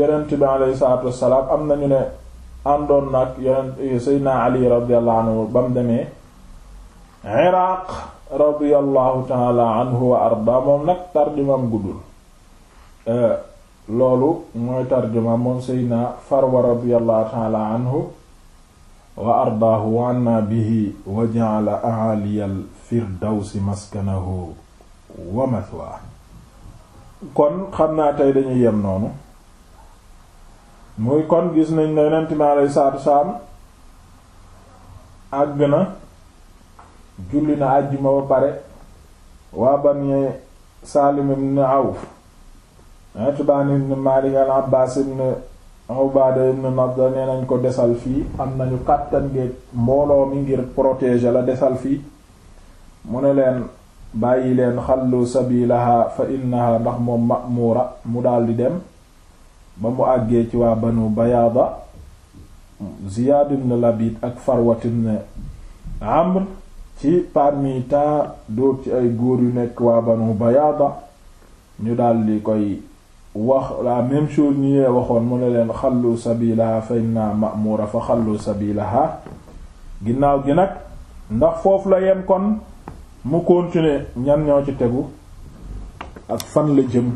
yonent bi alayhi salaatu salaam am nañu ne àndoon na ak yeneen seydna ali radiallahu anhu ba mu demee iraq radiallahu taala anhu wa arda moom nag tarjumam guddul euh, loolu mooy tarjuma moom seydna farwa radiallahu taala anhu wa ardaahu wa anna bihi wa ja'ala a'aliyal firdawsi maskanahu wa mathwaahu kon xam naa tey dañuy yem noonu muy kon gis nañ ne yonent mi alayhi salaatu àgg na julli na àjjuma ba pare waa Bani Saalim ibn Awf Itbaan ibn Maalik al-Abbaas ibn Ubaada ibn Nadda nee nañ ko desal fii am nañu kàttan géej mbooloo mi ngir protéger la desal fii mu ne leen bàyyi leen xallu sabilaha fa innaha ndax moom ma'muura mu daldi dem ba mu àggee ci waa banu bayaada Ziyaad ibn Labid ak Farwat ibn Amr ci parmi ta dóor ci ay góor yu nekk waa banu bayaada ñu daldi koy wax la même chose ñu yee waxoon mu ne leen xallu sabilaha fa inna ma'mura fa xallu sabilaha ginnaaw gi nag ndax foofu la yem kon mu continuer ñan ñoo ci tegu ak fan la jëm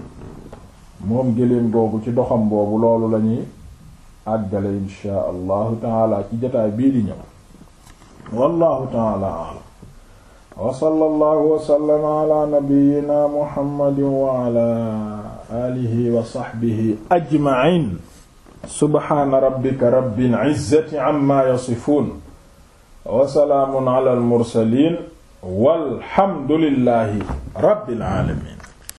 moom géléem googu ci doxam boobu loolu lañuy àggale inshaa allahu taala ci jotaay bii di ñëw wallahu taala a'lam wa sallallahu wa sallama ala nabiyyina muhammadin wa ala alihi wa sahbihi ajma'in subhana rabbika rabbil izzati amma yasifun wa salaamun ala al mursalin walhamdulillahi rabbil alamin